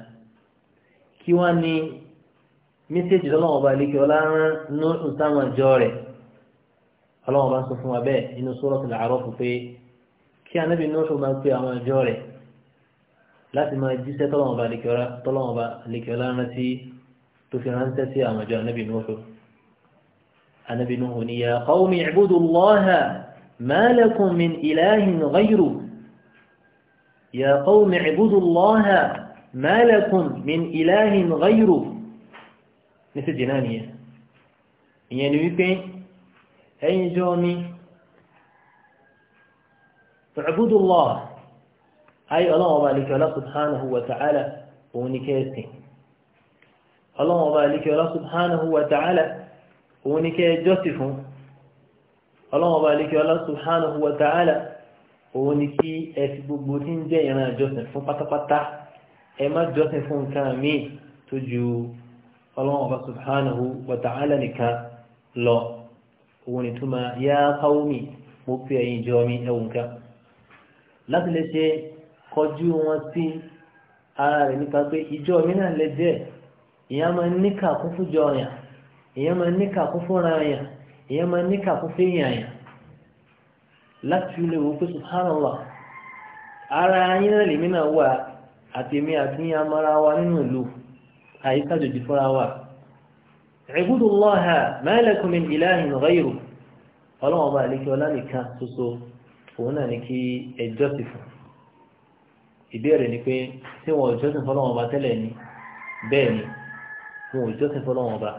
kí wọ́n ní mísèjì tọ́lọ́ ọba lèkẹ́ ọlọ́run Nuhu sáwọn jọ rẹ̀ ọlọ́run ọba ń sọ fún wa bẹ́ẹ̀ inú Suratul A'raf pé kí ànábì Nuhu máa pe àwọn jọ rẹ̀ láti máa jíṣẹ́ tọ́lọ́ ọba lèkẹ́ ọlọ́run ti tó fi ránṣẹ́ sí àwọn jọ ànábì Nuhu أنا بنهني يا قوم اعبدوا الله ما لكم من إله غيره يا قوم اعبدوا الله ما لكم من إله غيره مثل جنانية يعني يبين أي جومي اعبدوا الله أي الله وبالك الله سبحانه وتعالى ونكيسين الله وبالك الله سبحانه وتعالى òun ni kẹ́ jọ́sìn fún ọlọ́wọ́n bá lékè Allah subhanahu wa ta'ala òun ni kí ẹ fi gbogbo tí ń jẹ́ ìran jọ́sìn fún pátápátá ẹ má jọ́sìn fún nǹkan míì tó nìkan lọ òun ni túmọ̀ ya qaumi mo fi ẹ̀yin jọ mi ẹ̀wù nǹkan láti lè ṣe kọjú wọn sí ara rẹ̀ nípa pé ìjọ mi náà lè ìyá máa níkà kún fújọ yàn yamanika máa níkà kún fúnra ya èèyàn máa subhanallah ara yín náà lèmi wa nínú ìlú àyíká jòjì fúnra wa ibudullaha ma lakum min ilahin ghayru ọlọ́wọ́n bá àlékí ọlá nìkan ṣoṣo òun náà ní kí ni pé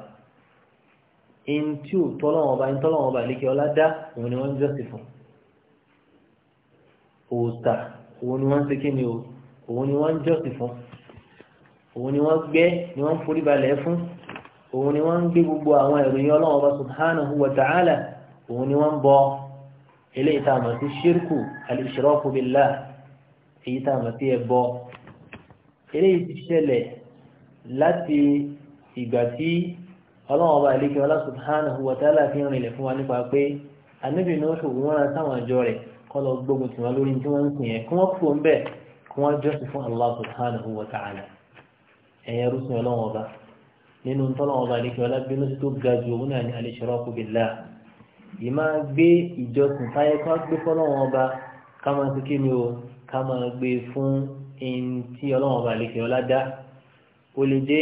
in tí ò tọ́lọ́wọ́n ọba in tọ́lọ́wọ́n ọba ìlékè ọlá dá òun ni wọ́n ń jọ́sìn fún òòtà òun ni wọ́n ń ṣe kí ni o òun ni wọ́n ń jọ́sìn fún òun ni wọ́n gbé ni wọ́n ń forí balẹ̀ fún òun ni wọ́n ń gbé gbogbo àwọn ìròyìn ọlọ́wọ́n ọba subhanahu wa ta'ala òun ni wọ́n ń bọ eléyìí tá a mọ̀ sí ṣírkù al-ishraku èyí tá a mọ̀ sí ẹbọ eléyìí ti ṣẹlẹ̀ láti ìgbà tí ọlọ́run ọba ìlékè Allah subhanahu wa ta'ala fi rìnlẹ̀ fún wa nípa pé ànábì náà ṣòwò wọn ra sáwọn àjọ rẹ̀ kọ́ lọ gbógun tì wọn lórí tí wọ́n ń sìn yẹn kí wọ́n kú òun bẹ́ẹ̀ kí wọ́n jọ́sìn fún Allah subhanahu wa ta'ala ẹ̀yẹ rúṣin ọlọ́run ọba nínú tọ́lọ́run ọba ìlékè Allah bínú tó ga ju òun náà ní al-ishraku billah yìí máa gbé ìjọsìn táyé kí gbé fọ́lọ́run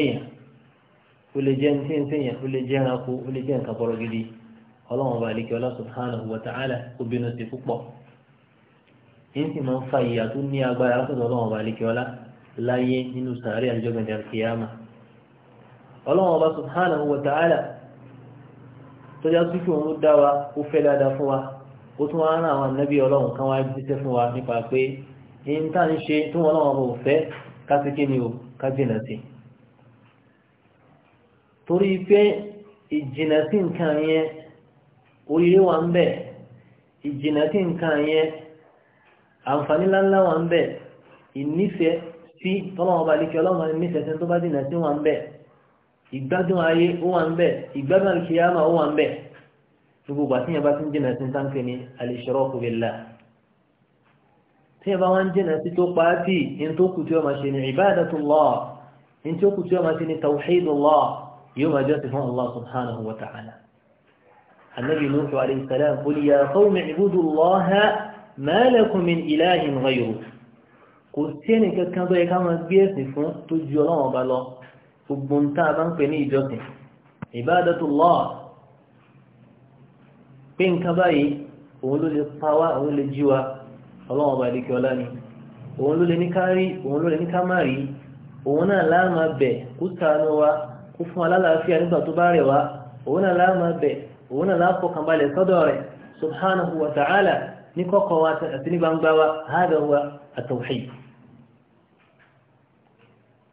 ọba ó lè jẹ́ ya sèyàn ó lè ka ẹranko gidi ọlọ́run bá lékè ọlá subhanahu wa ta'ala kó bínú sí púpọ̀ èyí sì máa ń fa ìyà tó ní agbára látọ̀dọ̀ ọlọ́run bá lékè ọlá láyé nínú sàárè àjọgbẹ̀dẹ̀ àkìyàmà subhanahu wa ta'ala wa o ka torí pé ìjìnà sí nǹkan yẹn oríire wà ń bẹ ìjìnà sí nǹkan yẹn àǹfààní ńláńlá wà ń bẹ ìnífẹ̀ẹ́ sí tọ́lọ́wọ́ bá lékẹ́ ọlọ́run nífẹ̀ẹ́ sí tó bá dìnà sí wà ń bẹ ìgbádùn ayé ó wà ń bẹ ìgbádùn àlùkìyàmà ó wà ń bẹ gbogbo àtìyàn bá ti ń jìnà sí táǹkì ní al-ishraku billah tí ẹba wọn jìnà sí tó pàátì in tó kù tí ó ma ṣe ní ibadatullah in tó kù tí ó ma ṣe ní tawhidullah yóò máa jọ́sìn fún Allah subhanahu wa ta'ala anabi nuhu alayhi salam qul ya qawmi ibudullaha ma lakum min ilahin ghayruh kò sí ẹnì kankan tó yẹ ká máa gbé ẹ̀sìn fún tó ju ọlọ́run ọba lọ gbogbo ń tá a bá ń pè ní ìjọsìn ibadatullah pé nǹkan báyìí òun ló lè pa wá òun lè jí wa ọlọ́run ọba àdìkẹ́ ọlá ni òun ló lè ní ká rí òun ló lè ní ká má rí òun náà láàmà bẹ̀ kó sànú wa ó fún alálàáfíà nígbà tó bá rẹ̀ wá òun náà láàmà bẹ̀ òun náà láàfọkànbalẹ̀ sọ́dọ̀ rẹ̀ subhanahu wa ta'ala ní kọ́kọ́ wa àti ní gbangba wa hada wa at-tawhid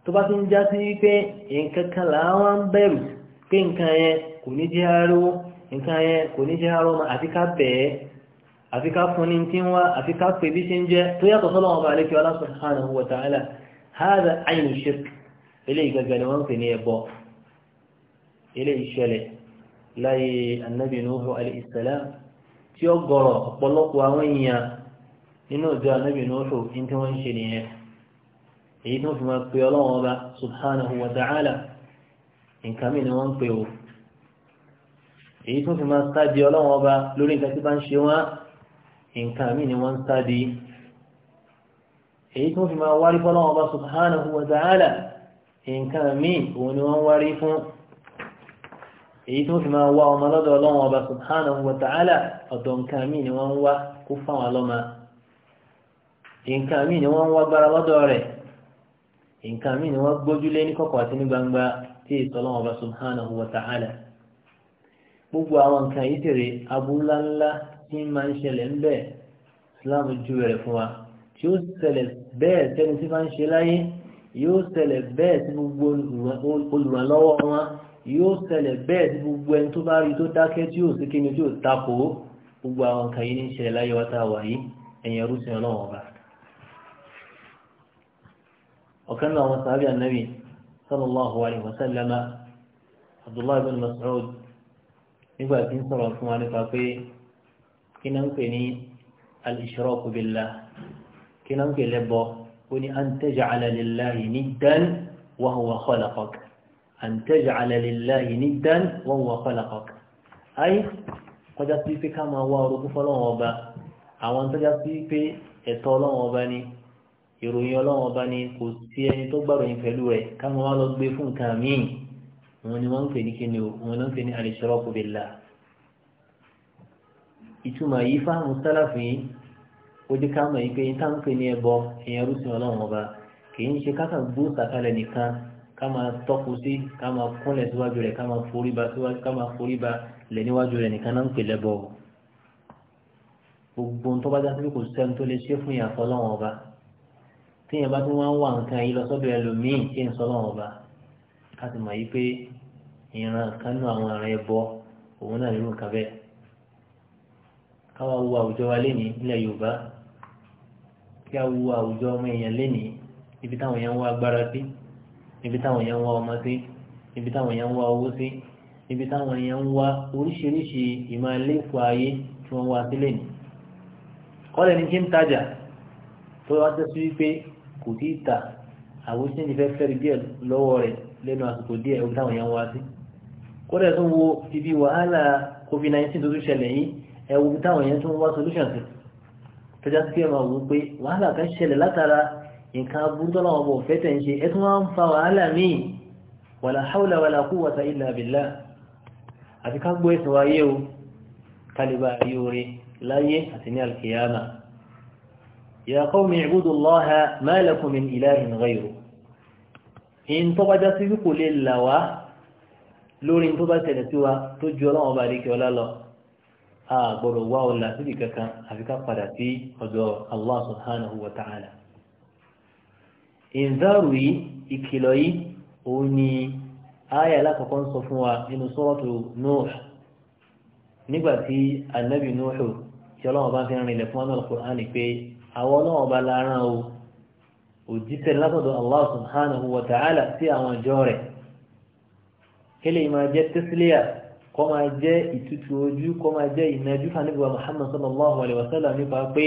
tó bá ti ń já sí wípé nǹkan kan làwọn ń bẹ̀rù pé nǹkan yẹn kò ní jẹ́ arówó nǹkan yẹn kò ní jẹ́ arówó àfi ká bẹ̀ẹ́ hada aynu shirk eléyìí gẹ́gẹ́ ni wọ́n ń ní ẹbọ eléyìí ṣẹlẹ̀ láyé anabi nuhu alayhi salam tí ó gọ̀rọ̀ ọ̀pọ̀lọpọ̀ àwọn èèyàn nínú ìjọ anabi nuhu ní tí wọ́n ń ṣe nìyẹn èyí tó fi máa pe ọlọ́wọ́n ọba subhanahu wa ta'ala nǹkan mi ni wọ́n ń pe o èyí tó fi máa sáàdì ọlọ́wọ́n ọba lórí nǹkan tí bá ń ṣe wọ́n nǹkan mi ni wọ́n sáàdì èyí tó fi máa wárí fọ́lọ́wọ́n ọba subhanahu wa ta'ala nǹkan mi òun ni wọ́n wárí fún èyí tó fi máa wá ọmọ lọ́dọ̀ ọlọ́run ọba subhanahu wa ta'ala ọ̀dọ̀ nǹkan míì ni wọ́n ń wá kó fáwọn ọlọ́mọ nǹkan míì ni wọ́n ń wá gbára lọ́dọ̀ rẹ̀ nǹkan míì ni wọ́n gbójúlé ní kọ̀kọ̀ àti ní gbangba tí ètò ọlọ́run ọba subhanahu wa ta'ala gbogbo àwọn nǹkan yìí tèrè abúláńlá tí máa ń ṣẹlẹ̀ ń bẹ̀ islam ju rẹ̀ fún wa tí ó ṣẹlẹ̀ bẹ́ẹ̀ sẹ́ni tí máa ń ṣe láyé yóò ṣẹlẹ̀ bẹ́ẹ̀ sí gbogbo olùrànlọ́wọ́ wọn yóò ṣẹlẹ̀ bẹ́ẹ̀ tí gbogbo ẹni tó bá rí tó dákẹ́ tí yóò sí kíni tí yóò takò gbogbo àwọn nǹkan yìí ní ìṣẹ̀lẹ̀ láyé wa tá a wà yìí ẹ̀yìn ẹrú sí ọlọ́wọ́n ọba. ọ̀kan náà àwọn sàábì ànábì sallallahu alaihi wa sallam abdullahi bin mas'ud nígbà tí ń sọ̀rọ̀ fún wa nípa pé kí náà ń pè ní al-ishraku kí náà ń pè lẹ́bọ̀ ó ní an أن تجعل لله ندا وهو خلقك أي قد أصيب كما هو رضف الله àwọn tó já sí pé ẹ̀tọ́ ọlọ́run ọba ni ìròyìn ọlọ́run ọba ni kò sí ẹni tó gbàròyìn pẹ̀lú rẹ̀ káwọn wá lọ gbé fún nǹkan míì wọn ni wọ́n ń pè ní kíni o wọn ló ń pè ní al-ishraku billah. ìtumọ̀ yìí fáwọn sálàfù yìí ó dé káwọn yìí pé ní táwọn pè ní ẹbọ ìyẹn Kama máa tọ́kù sí ká máa kúnlẹ̀ síwájú rẹ̀ ká máa forí ba síwájú ká máa forí ba lẹ̀ níwájú rẹ̀ nìkan náà ń pèlẹ́ bọ̀ gbogbo tó bá dájú kò sẹ́ni tó lè ṣe fún ìyàtọ̀ ọlọ́wọ́n ọba téèyàn bá tún wá ń wà nǹkan yìí lọ sọ́dọ̀ ẹlòmíì tí ń sọ ọlọ́wọ́n ọba ká sì mọ̀ yí pé ìran kan àwọn ará ẹbọ òun náà nínú nǹkan káwa wo àwùjọ wa lénìí nílẹ̀ Yorùbá kí a wo àwùjọ ọmọ èèyàn lénìí ibi táwọn èèyàn ń agbára sí ibi táwọn èèyàn ń wá ọmọ sí ibi táwọn èèyàn ń wá owó sí ibi táwọn èèyàn ń wá oríṣiríṣi ìmọ̀lẹ́fọ̀ ayé tí wọ́n wá sílẹ̀ ní. kọ́lẹ̀ ní kí ń tajà tó wá tẹ́sí wípé kò tí ì tà àwọn tí ń fẹ́ fẹ́rí díẹ̀ lọ́wọ́ rẹ̀ lẹ́nu àsìkò díẹ̀ ibi táwọn èèyàn ń wá sí. kọ́lẹ̀ tó wo ibi wàhálà covid-19 tó tún ṣẹlẹ̀ yìí ẹ̀wù táwọn èèyàn tún wá solution sí. tọ́jà nǹkan abúrúdọ́lá ọmọ òfẹ́ tẹ̀ ń ṣe ẹ tún wá ń fa wàhálà míì wàlà haúlà wàlà quwwata illa billah àti ká gbọ́ ẹ̀sìn wáyé o kálíbà rí orí láyé àti ní alkiyama ya qawmi i'budullaha ma lakum min ilahin ghayru in tó bá já sí kò lè là lórí tó bá tẹ̀lẹ̀ sí wa tó ju ọlọ́wọ́ bá rí kí ọlá lọ a gbọ́dọ̀ wá ọlá síbi kankan àfi ká padà sí ọ̀dọ̀ Allah subhanahu wa ta'ala ìǹzàrù yìí ìkìlọ̀ yìí òun ni ayé alákọ̀ọ́kọ́ ń sọ fún wa nínú sọ́ọ̀tù Nuh nígbà tí anabi Nuh tí ọlọ́wọ́n bá ń fi rìnlẹ̀ fún ọ́nà Al-Qur'an pé àwọn ọlọ́wọ́n bá láàárán o òjíṣẹ́ látọ̀dọ̀ Allah subhanahu wa ta'ala sí àwọn ìjọ rẹ̀ kele ma jẹ tẹsílíà kọ ma jẹ ìtutù ojú kọ ma jẹ ìnájú fanigba muhammad sallallahu alaihi wasallam nípa pé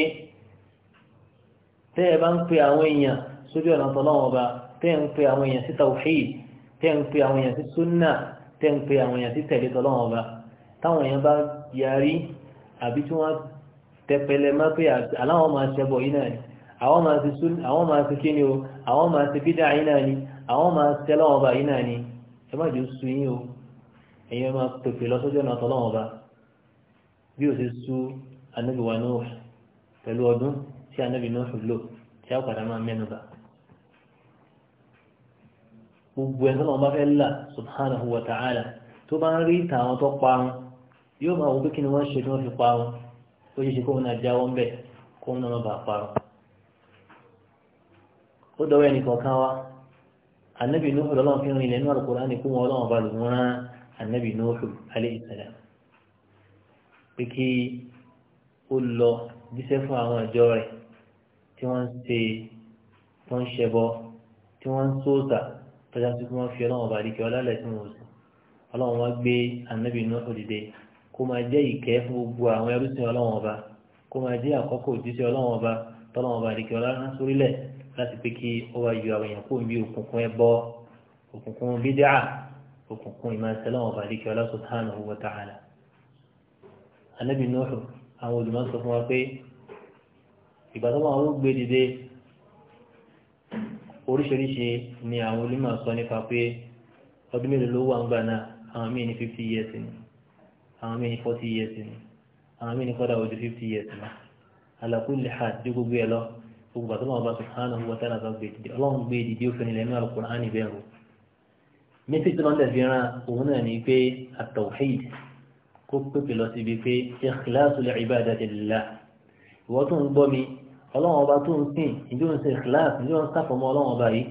tẹ ẹ bá ń pe àwọn èèyàn sójú ọ̀nà tọ́lọ́wọ́n ọba tẹ́ ń pe àwọn èèyàn sí tawhid tẹ́ ń pe àwọn èèyàn sí sunna tẹ́ ń pe àwọn èèyàn sí tẹ̀lé tọ́lọ́wọ́n ọba táwọn èèyàn bá yarí àbí tí wọ́n tẹpẹlẹ má pé aláwọ̀ máa ṣẹbọ yìí náà ni àwọn máa ṣe sunna àwọn máa ṣe kíni o àwọn máa ṣe bídà yìí náà ni àwọn máa ṣe lọ́wọ́n ọba yìí náà ni ẹ má jù sú yín o èèyàn máa pèpè lọ sójú ọ̀nà tọ́lọ́wọ́n ọba bí o ṣe sú anábìwá náà pẹ̀lú ọdún tí anábì náà lò tí a padà máa mẹ́nu bá gbogbo ẹ̀ tọ́lọ́ bá fẹ́ là subhanahu wa ta'ala tó bá ń rí tàwọn tó parun yóò máa wọ pé kí ni wọ́n ṣe tí wọ́n fi parun ó ṣe ṣe kóun náà jáwọ́ ń bẹ̀ kóun náà má bàa parun. ó dọ̀wọ́ ẹnì kọ̀ọ̀kan wa anabi nuhu lọ́lọ́run fi rìn lẹ́nu alukurani kún wọn ọlọ́run bá lòun rán anabi nuhu alayhi pé kí ó lọ jíṣẹ́ fún àwọn ìjọ rẹ̀ tí wọ́n ń ṣe wọ́n ń ṣẹbọ tí wọ́n ń sóòtà tọ́já sí kí wọ́n fi ọlọ́run bá dìkẹ́ ọlá lẹ́sìn wọn sùn ọlọ́run wá gbé anábì inú òdìdẹ kó máa jẹ́ ìkẹ́ fún gbogbo àwọn ẹrúsìn ọlọ́run ọba kó máa jẹ́ àkọ́kọ́ òjíṣẹ́ ọlọ́run ọba tọ́lọ́run bá dìkẹ́ ọlá rán sórílẹ̀ láti pé kí ó wá yọ àwọn èèyàn kó bí òkùnkùn ẹbọ òkùnkùn bídíà òkùnkùn ìmọ̀ọ́sẹ̀lọ́run ọba dìkẹ́ ọlá subhanahu wa ta'ala anábì inú oríṣiríṣi ni àwọn onímọ̀ sọ nípa pé ọdún mélòó ló wà ń gbà náà àwọn míì ní fifty years ni àwọn míì ní forty years ni àwọn míì ní kọ́dà ojú fifty years ni alakuli ha dé gbogbo ẹ lọ gbogbo àti ọlọ́run ọba subhanahu wa ta'ala bá gbé dìde ọlọ́run gbé dìde ó fẹ́ni lẹ́nu al-Qur'an bẹ́ẹ̀ o mẹ́tí tí wọ́n lè fi ran òun náà ni pé at kó pépè lọ síbi pé ikhlasul ibadati lillah ìwọ́n tó ń gbọ́ mi ọlọ́run ọba tó ń sìn ìjọ ń sìn ikhlas ìjọ ń sáfọ̀mọ́ ọlọ́run ọba yìí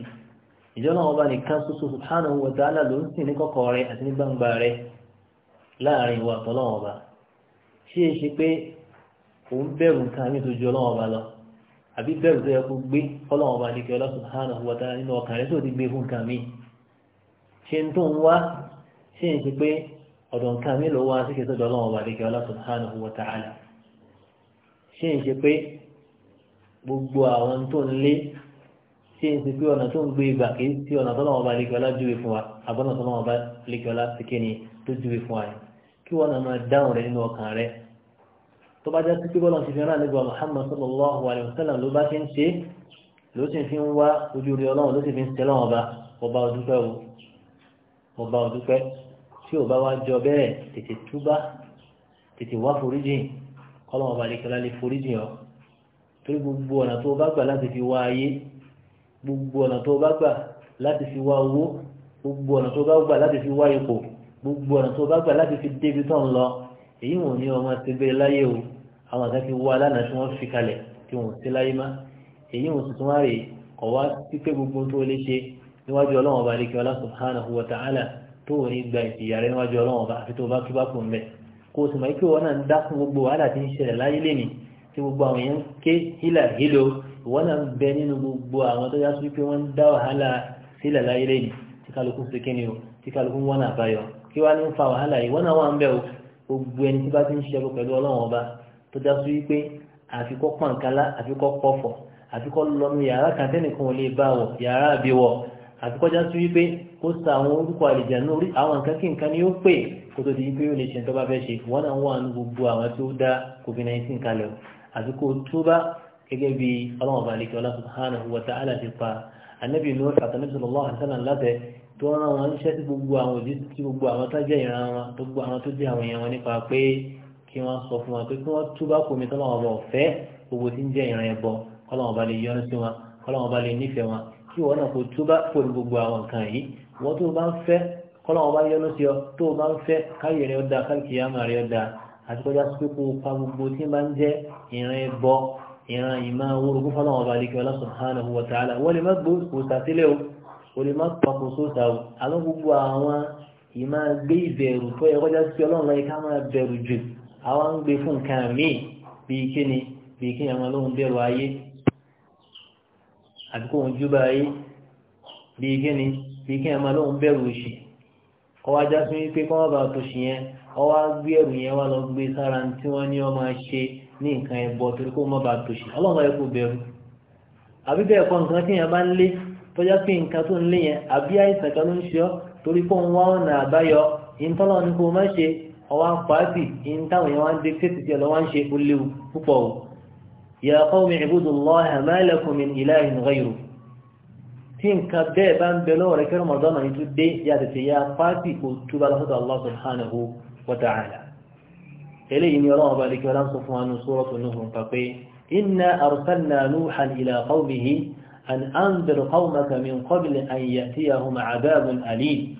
ìjọ ọlọ́run ọba nìkan ṣoṣo subhanahu wa ta'ala ló ń sìn ní kọ̀kọ̀ rẹ àti ní gbangba rẹ láàrin ìwà àtọ́lọ́run ọba ṣé é ṣe pé òun bẹ̀rù nǹkan mi tó ju ọlọ́run ọba lọ àbí bẹ̀rù tó yẹ kó gbé ọlọ́run ọba nìkan ọlọ́run subhanahu ṣe ń ṣe pé gbogbo àwọn tó ń lé ṣé ń ṣe pé ọ̀nà tó ń gbé ìgbà kì í sí ọ̀nà tó lọ́wọ́ bá lẹ́kọ̀ọ́lá júwe fún wa àbọ̀nà tó lọ́wọ́ bá lẹ́kọ̀ọ́lá ti kéni tó júwe fún wa yìí kí wọ́n náà máa dáhùn rẹ̀ nínú ọkàn rẹ̀ tó bá jẹ́ sí pé bọ́lá ti fi rán nígbà Muhammad sallallahu alayhi wa sallam ló bá ti ń ṣe ló sì fi ń wá ojú rí ọlọ́run ló sì fi ń ṣe lọ́wọ́ bá ọba ọdúpẹ́ o ọba ọdúpẹ́ tí ò bá wá jọ bẹ́ẹ̀ tètè túbá tètè wá foríjìn kọ́lọ́wọ́ bá lẹ́kọ̀ọ́lá lè foríjìn ọ́ torí gbogbo ọ̀nà tó bá gbà láti fi wá ayé gbogbo ọ̀nà tó bá gbà láti fi wá owó gbogbo ọ̀nà tó bá gbà láti fi wá ipò gbogbo ọ̀nà tó bá gbà láti fi débi tán lọ èyí wọn ni ọmọ ti gbé láyé o àwọn àti fi wá lánàá tí wọ́n fi kalẹ̀ tí wọ́n ti láyé má èyí wọn tuntun wá rè pípé gbogbo tó lè ṣe níwájú ọlọ́wọ́n ọba àdékẹ́ ọlá subhanahu wa ta'ala tó wọ́n ní gba ìfìyà rẹ níwájú ọlọ́wọ́n ọba àfi tó bá túbá kù ń bẹ̀ kó o sì máa ń pè náà ń dákun gbogbo wàhálà tí ń ṣẹlẹ̀ láyé lénìí tí gbogbo àwọn èèyàn ké hílà hílò ìwọ́n náà ń bẹ nínú gbogbo àwọn tó yásù wípé wọ́n ń dá wàhálà sílẹ̀ láyé lẹ́yìn tí kálukú ṣe kí ni o tí kálukú wọ́n náà báyọ̀ kí wá ní ń fa wàhálà yìí wọ́n náà wọ́n ń bẹ̀ o gbogbo ẹni tí bá ti ń ṣẹ́gun pẹ̀lú ọlọ́run ọba tó yásù wípé àfikọ́ pọ̀nkálá àfikọ́ pọ̀fọ̀ àfikọ́ lọ́nu yàrá kan tẹ́nìkan ò lè bá wọ̀ yàrá àbí wọ̀ àfikọ́ jásù wípé kó sa àwọn orúkọ àlìjànú orí àwọn nǹkan kí nǹkan ni ó pè kó tó di wípé ó lè ṣe tó bá fẹ́ ṣe wọ́n náà wọ́n gbogbo àwọn tó dá covid-19 kalẹ̀ o àti kó túbá gẹ́gẹ́ bí ọlọ́wọ́ bá lẹ́kẹ́ ọlá subhanahu wa ta'ala ti pa anábì inú àtàlẹ́bí sallallahu alaihi wasallam látẹ̀ tó rán wọn ṣẹ́ sí gbogbo àwọn òjì sí gbogbo àwọn tó jẹ́ ìran wọn tó gbogbo àwọn tó jẹ́ àwọn èèyàn wọn nípa pé kí wọ́n sọ fún wọn pé kí wọ́n túbá kò mi tọ́lọ́wọ́ bá ọ̀fẹ́ gbogbo tí ń jẹ́ ìran ẹ̀bọ kọ́lọ́wọ́ bá lè yọ́nú sí wọn kọ́lọ́wọ́ lè nífẹ̀ẹ́ wọn kí wọ́n náà kò àti kọjá sípò pa gbogbo tí bá ń jẹ́ ìran ẹbọ ìran ìmọ̀ orogún fọlọ́wọ́n ọba àlekè ọlá subhanahu wa ta'ala wọ́n lè má gbóòsò sàtílẹ̀ o kò lè má pàkó sóòsà o àlọ́ gbogbo àwọn ìmọ̀ gbé ìbẹ̀rù tó yẹ kọjá sí ọlọ́run láyé ká máa bẹ̀rù jù àwọn ń gbé fún nǹkan míì bíi kíni bíi kí àwọn ọlọ́run bẹ̀rù ayé àti kó wọn júbà ayé bíi kíni bíi kí àwọn ọlọ́run bẹ̀rù òṣì kọ́wájá sí wípé kọ́wọ́ bá ọwọ́ gbé ẹrù yẹn wá lọ gbé sára tí wọ́n ní ọmọ ṣe ní nǹkan ẹ̀bọ torí kó má bàa tòṣì ọlọ́run ẹ̀ kò bẹ̀rù àbí bẹ́ẹ̀ kọ́ nǹkan tí yẹn bá ń lé tọ́já pé nǹkan tó ń lé yẹn àbí àìsàn kan ló ń ṣe ọ́ torí kó ń wá ọ̀nà àbáyọ ìntọ́lọ́ ni kó má ṣe ọwọ́ pàápì ìntáwọn yẹn wá ń dé tètè tí ọlọ́wọ́ ń ṣe ó léwu púpọ̀ o ya qawmi ibudullaha tí nǹkan bẹ́ẹ̀ bá ń bẹ lọ́wọ́ rẹ̀ kí wa ta'ala eléyìí ni ọlọ́run ọba àdìkẹ́ ọlá ń sọ fún wa ní suratu Nuh nípa pé inna arsalna Nuhan ila qawmihi an anzir qawmaka min qabli an ya'tiyahum 'adhabun alim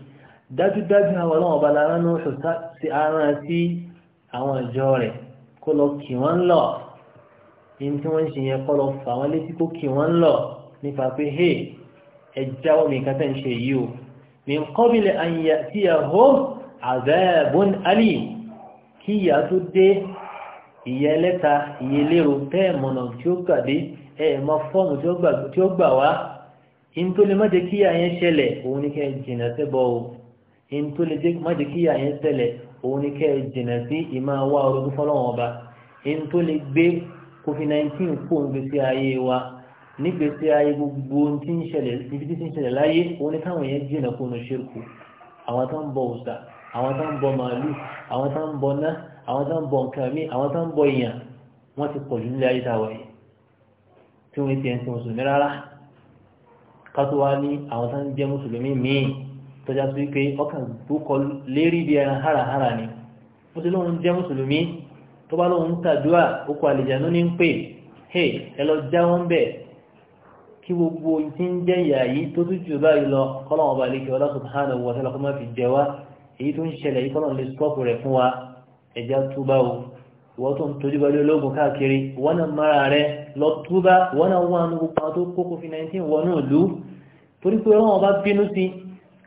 dájúdájú àwọn ọlọ́run ọba lára ní oṣù sí ara sí àwọn ìjọ rẹ̀ kó lọ kì wọ́n lọ ní tí wọ́n ń ṣe yẹn kó lọ fà wọ́n létí kó kì wọ́n lọ nípa pé hey ẹ jáwọ́ mi kátà ń ṣe yìí o min qabli an ya'tiyahum azabun alim kí ìyà tó dé ìyà ẹlẹ́ta ìyà elérò tẹ́ẹ̀mọ̀nà tí ó gbàdé ẹ̀ẹ̀mọ fọ́ọ̀mù tí ó gbà wá in tó lè má jẹ́ kíyà yẹn ṣẹlẹ̀ òun ní kẹ́ jìnà sẹ́bọ̀ o in tó lè má jẹ́ kíyà yẹn ṣẹlẹ̀ òun ní kẹ́ jìnà sí ìmá wá orogún fọ́lọ́wọ́n ọba in tó lè gbé covid-19 kó ń gbèsè ayé wa nígbèsè ayé gbogbo tí ń ṣẹlẹ̀ láyé òun ní káwọn yẹn jìnà kó ń ṣe kù àwọn tó ń bọ òòsà àwọn tó ń bọ màálù àwọn tó ń bọ ná àwọn tó ń bọ nǹkan mí àwọn tó ń bọ èèyàn wọ́n ti pọ̀jù nílé ayé táwa yìí tí wọ́n ti ẹ̀ ń sọ mùsùlùmí rárá ká wá ní àwọn tó ń jẹ́ mùsùlùmí míì tọ́já sí pé ọkàn gbókọ lérí bí ẹran hárahárà ni ó ti lóun jẹ́ mùsùlùmí tó bá lóun tàdúrà okò àlìjànú ní ń pè é ẹ lọ já wọn bẹ́ẹ̀ kí gbogbo tí ń jẹ́ ìyà yìí tó tún jù báyìí lọ kọ́lọ́wọ́n bá lè kí ọlá subhanahu wa ta'ala kó má fi jẹ wá èyí tó ń ṣẹlẹ̀ yìí kọ́lọ̀ lè stọ́pù rẹ̀ fún wa ẹja túbá o wọ́n tó ń tojú bá lólógún káàkiri wọ́n náà mara rẹ̀ lọ túbá wọ́n náà wọ́n àwọn gbogbo tó kó covid-19 wọnú ìlú torí pé wọ́n bá bínú sí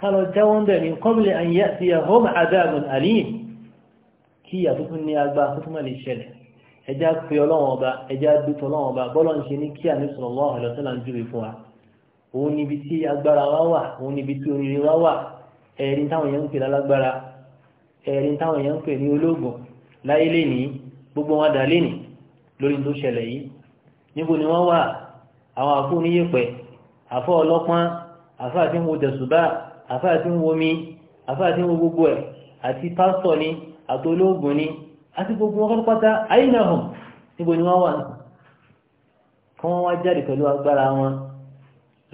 kálọ̀ jáwọ́n bẹ̀ ní kọ́bílẹ̀ àyíyá sí ahom adabun aliyin kí ìyàtọ̀ tún ní agbá tó tún lè ṣẹlẹ̀ ẹja pe ọlọ́wọ́n ọba ẹja dúpọ̀ ọlọ́wọ́n ọba bọ́lọ̀ ẹ̀rin táwọn èèyàn ń pè lálágbára ẹ̀rin táwọn èèyàn ń pè ní ológun láyé lénìí gbogbo wọn dà lénìí lórí tó ṣẹlẹ̀ yìí níbo ni wọ́n wà àwọn àfọ oníyèpẹ̀ àfọ ọlọ́pọ́n àfọ àti ń wo tẹ̀sùbá àfọ àti ń wo mi àfọ àti ń wo gbogbo ẹ̀ àti pásítọ̀ ni àti ológun ni àti gbogbo wọn pátá ayé náà hàn níbo ni wọ́n wà kí wọ́n wá jáde pẹ̀lú agbára wọn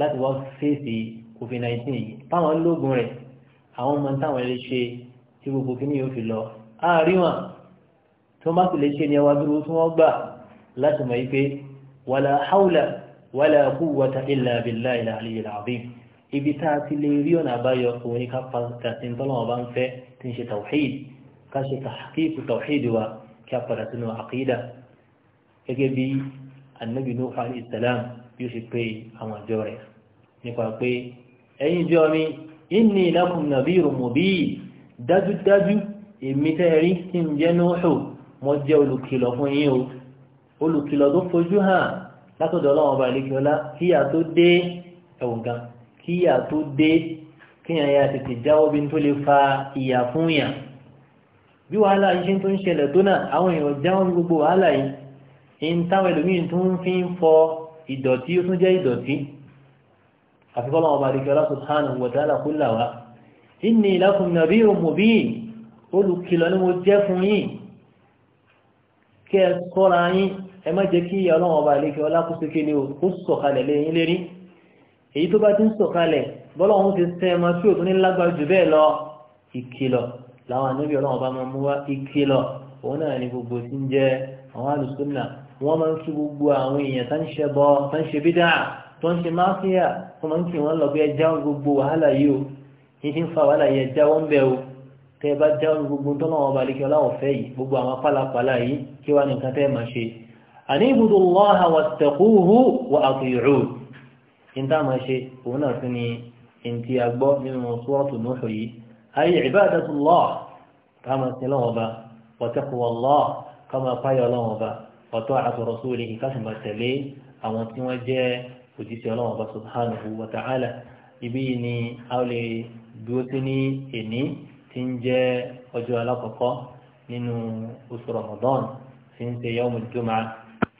láti wá fèsì covid-19 yìí fáwọn ológun rẹ̀ àwọn ọmọ táwọn ẹlẹ́ ṣe tí gbogbo kí ní yóò fi lọ àárín wọn tó má sì lè ṣe ní ẹwà dúró tí wọ́n gbà láti mọ̀ wípé wàlà haúlà wàlà quwwata illa billahi al-aliyyil azim ibi tá a ti lè rí ọ̀nà àbáyọ òun ní ká pa kàtí tọ́lọ́wọ́ bá ń fẹ́ tí ń ṣe tawhid ká ṣe tahqiqu tawhid wa kí a padà sínú àkídà gẹ́gẹ́ bí annabi nuhu alayhi salam bí ó ṣe pé àwọn àjọ rẹ̀ nípa pé ẹ̀yin jọ mi inni lakum nadhirun mubin dájúdájú èmi tẹ́rí tí ń jẹ́ nóòhù mo jẹ́ olùkìlọ̀ fún yín o olùkìlọ̀ tó fojú hàn látọ̀dọ̀ ọlọ́run ọba àlejòọlá kíyà tó dé ẹ̀wọ̀n gan kíyà tó dé kíyàn ya tètè jáwọ́ bí tó lè fa ìyà fún yàn bí wàhálà yìí tó ń ṣẹlẹ̀ tó náà àwọn èèyàn jáwọ́ bí gbogbo wàhálà yìí ń ẹlòmíín tó ń fi ń fọ ìdọ̀tí ó tún jẹ́ ìdọ̀tí àfi kọ́lọ́ ọba àdìkẹ́ ọlá subhanahu wa ta'ala kó là wá inni lakum nadhirun mubin olùkìlọ̀ ni mo jẹ́ fún yín kẹ́ ẹ sọ́ra yín ẹ má jẹ́ kí ọlọ́run ọba àdìkẹ́ ọlá kó sí sọ̀kalẹ̀ lẹ́yìn lérí èyí tó bá ti ń sọ̀kalẹ̀ bọ́lọ́run ti sẹ́ tó ń ṣe máfíà tó máa ń kí wọ́n lọ bí ẹja gbogbo wàhálà yìí o yìí ti ń fa wàhálà yìí ẹja wọ́n bẹ̀ o tẹ́ ẹ bá já gbogbo tó náà wọ́n bá lékè ọláwọ̀ fẹ́ yìí gbogbo àwọn pálapàla yìí kí wá nìkan tẹ́ ẹ máa ṣe àní ibùdó lọ́ha wà tẹ̀kúhù wà àtìrò ìta máa ṣe òun náà tún ni ìntì àgbọ́ nínú sọ́ọ̀tù nùhù yìí ayé ìbáàdàtú lọ́ọ̀ òjíṣẹ́ ọlọ́wọ́n bá subhanahu wa ta'ala ibi ni a lè dúró sí ní èní tí ń jẹ́ ọjọ́ alákọ̀ọ́kọ́ nínú oṣù Ramadan tí ń ṣe yawmul jum'a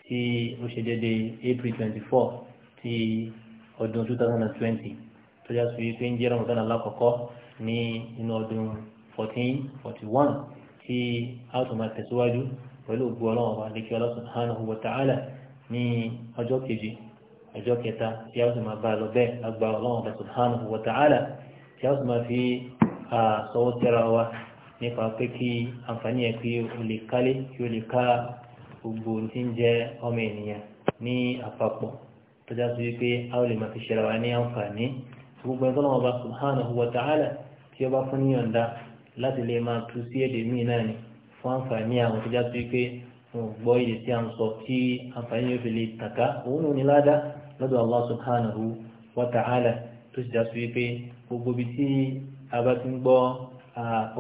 tí ó ṣe dédé April twenty four ti ọdún two thousand and twenty tó yà sọ wípé ń jẹ́ Ramadan alákọ̀ọ́kọ́ ní inú ọdún fourteen forty one tí a tún máa tẹ̀síwájú pẹ̀lú ògbó ọlọ́wọ́n bá lè kí Allah ní ọjọ́ kejì ọjọ́ kẹta tí a ó sì máa bá lọ bẹ́ẹ̀ agbá ọlọ́run bá subhanahu wa ta'ala tí a ó sì máa fi sọwọ́ tẹ́ra wa nípa pé kí àǹfààní ẹ̀ pé o lè kálé kí o lè ká gbogbo tí ń jẹ́ ọmọ ènìyàn ní àpapọ̀ tó já sí wípé a ó lè máa fi ṣẹra wa ní àǹfààní gbogbo ẹgbẹ́ ọlọ́run bá subhanahu wa ta'ala tí ó bá fún níyànda láti lè máa tú sí èdè míì náà ni fún àǹfààní àwọn tó já sí wípé gbọ́ èdè tí a ń sọ tí àǹfààní yóò fi lè tàka òun ò ní ládàá lọ́dọ̀ Allah subhanahu wa ta'ala tó sì jásí wípé gbogbo ibi tí a bá ti ń gbọ́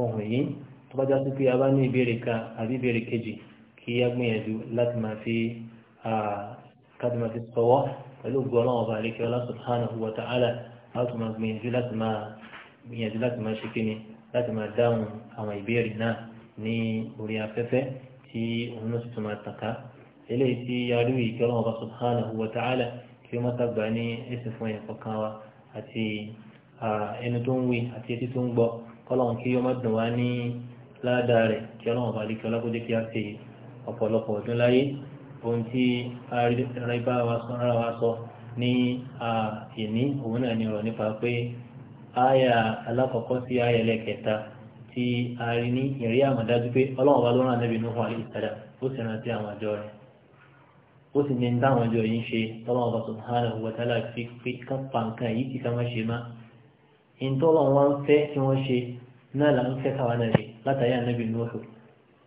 ohun yìí tó bá jásí pé a bá ní ìbéèrè kan àbí ìbéèrè kejì kí a gbìyànjú láti máa fi káàdì máa fi sọwọ́ pẹ̀lú ògbó ọlọ́run ọba àríkẹ́ Allah subhanahu wa ta'ala láti máa gbìyànjú láti máa gbìyànjú láti máa ṣe kíni láti máa dáhùn àwọn ìbéèrè náà ní orí afẹ́fẹ́ tí òun náà sì tún máa tàn eléyìí tí a rí ìkẹ́ ọlọ́run ọba subhanahu wa ta'ala kí wọ́n sàgbà ní ẹ̀sìn fún ẹ̀yìn kọ̀ọ̀kan wa àti ẹni tó ń wí àti etí tó ń gbọ́ kọ́lọ́hún kí ọmọ dùn wá ní ládàá rẹ̀ kí ọlọ́run bá lè kí ọlọ́kọ́jẹ́ kí á ṣe ọ̀pọ̀lọpọ̀ ọdún láyé ohun tí arìbá ara wa sọ ní ìní òun náà ni ọ̀rọ̀ nípa pé àyà alákọ̀ọ́kọ́ sí àyà ẹlẹ́kẹta tí a rí ní ìrí àmọ̀dájú pé ọlọ́run bá ló rán anábì Nuhu alayhi salam ó sì rántí àwọn àjọ rẹ̀ ó sì ní táwọn ọjọ́ yìí ń ṣe tọ́lọ́wọ́ bá subhanahu wa ta'ala fi pé ká pa nǹkan yìí ti ká má ṣe má ìtọ́lọ́ wọn fẹ́ kí wọ́n ṣe náà là ń fẹ́ káwa náà ṣe látàrí ànábì Nuhu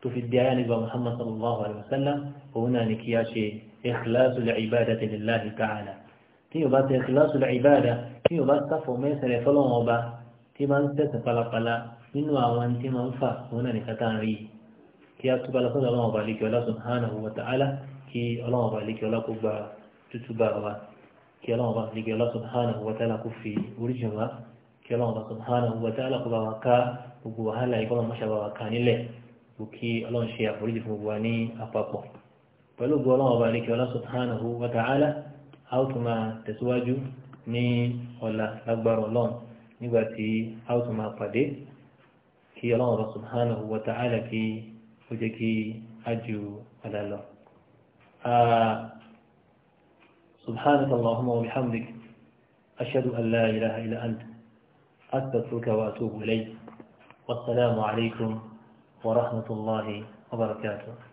tó fi di ayé nígbà Muhammad sallallahu alayhi wa sallam òun náà ni kí a ṣe ikhlasul ibadati lillahi ta'ala tí yóò bá ṣe ikhlasul ibada tí yóò bá sáfọ̀ mẹ́sẹ̀rẹ̀ fọlọ́wọn ọba kí ọlọ́run bá lékè ọlá kó gba tútù bá wa kí ọlọ́run bá lékè ọlá subhanahu wa ta'ala kó fi oríṣun wa kí ọlọ́run bá subhanahu wa ta'ala kó bá wa ká gbogbo wàhálà ìkọ́lọ́ mọ́ṣá bá wa ká nílẹ̀ kó kí ọlọ́run ṣe àforíjì fún gbogbo wa ní àpapọ̀ pẹ̀lú gbogbo ọlọ́run bá lékè ọlá subhanahu wa a ó tún máa tẹ̀síwájú ní ọ̀la lágbára ọlọ́run nígbà tí a ó tún máa pàdé kí ọlọ́run bá subhanahu wa ta'ala kí ó jẹ́ kí á ju ọ̀la lọ آه، سبحانك اللهم وبحمدك أشهد أن لا إله إلا أنت أكبرك وأتوب إليك والسلام عليكم ورحمة الله وبركاته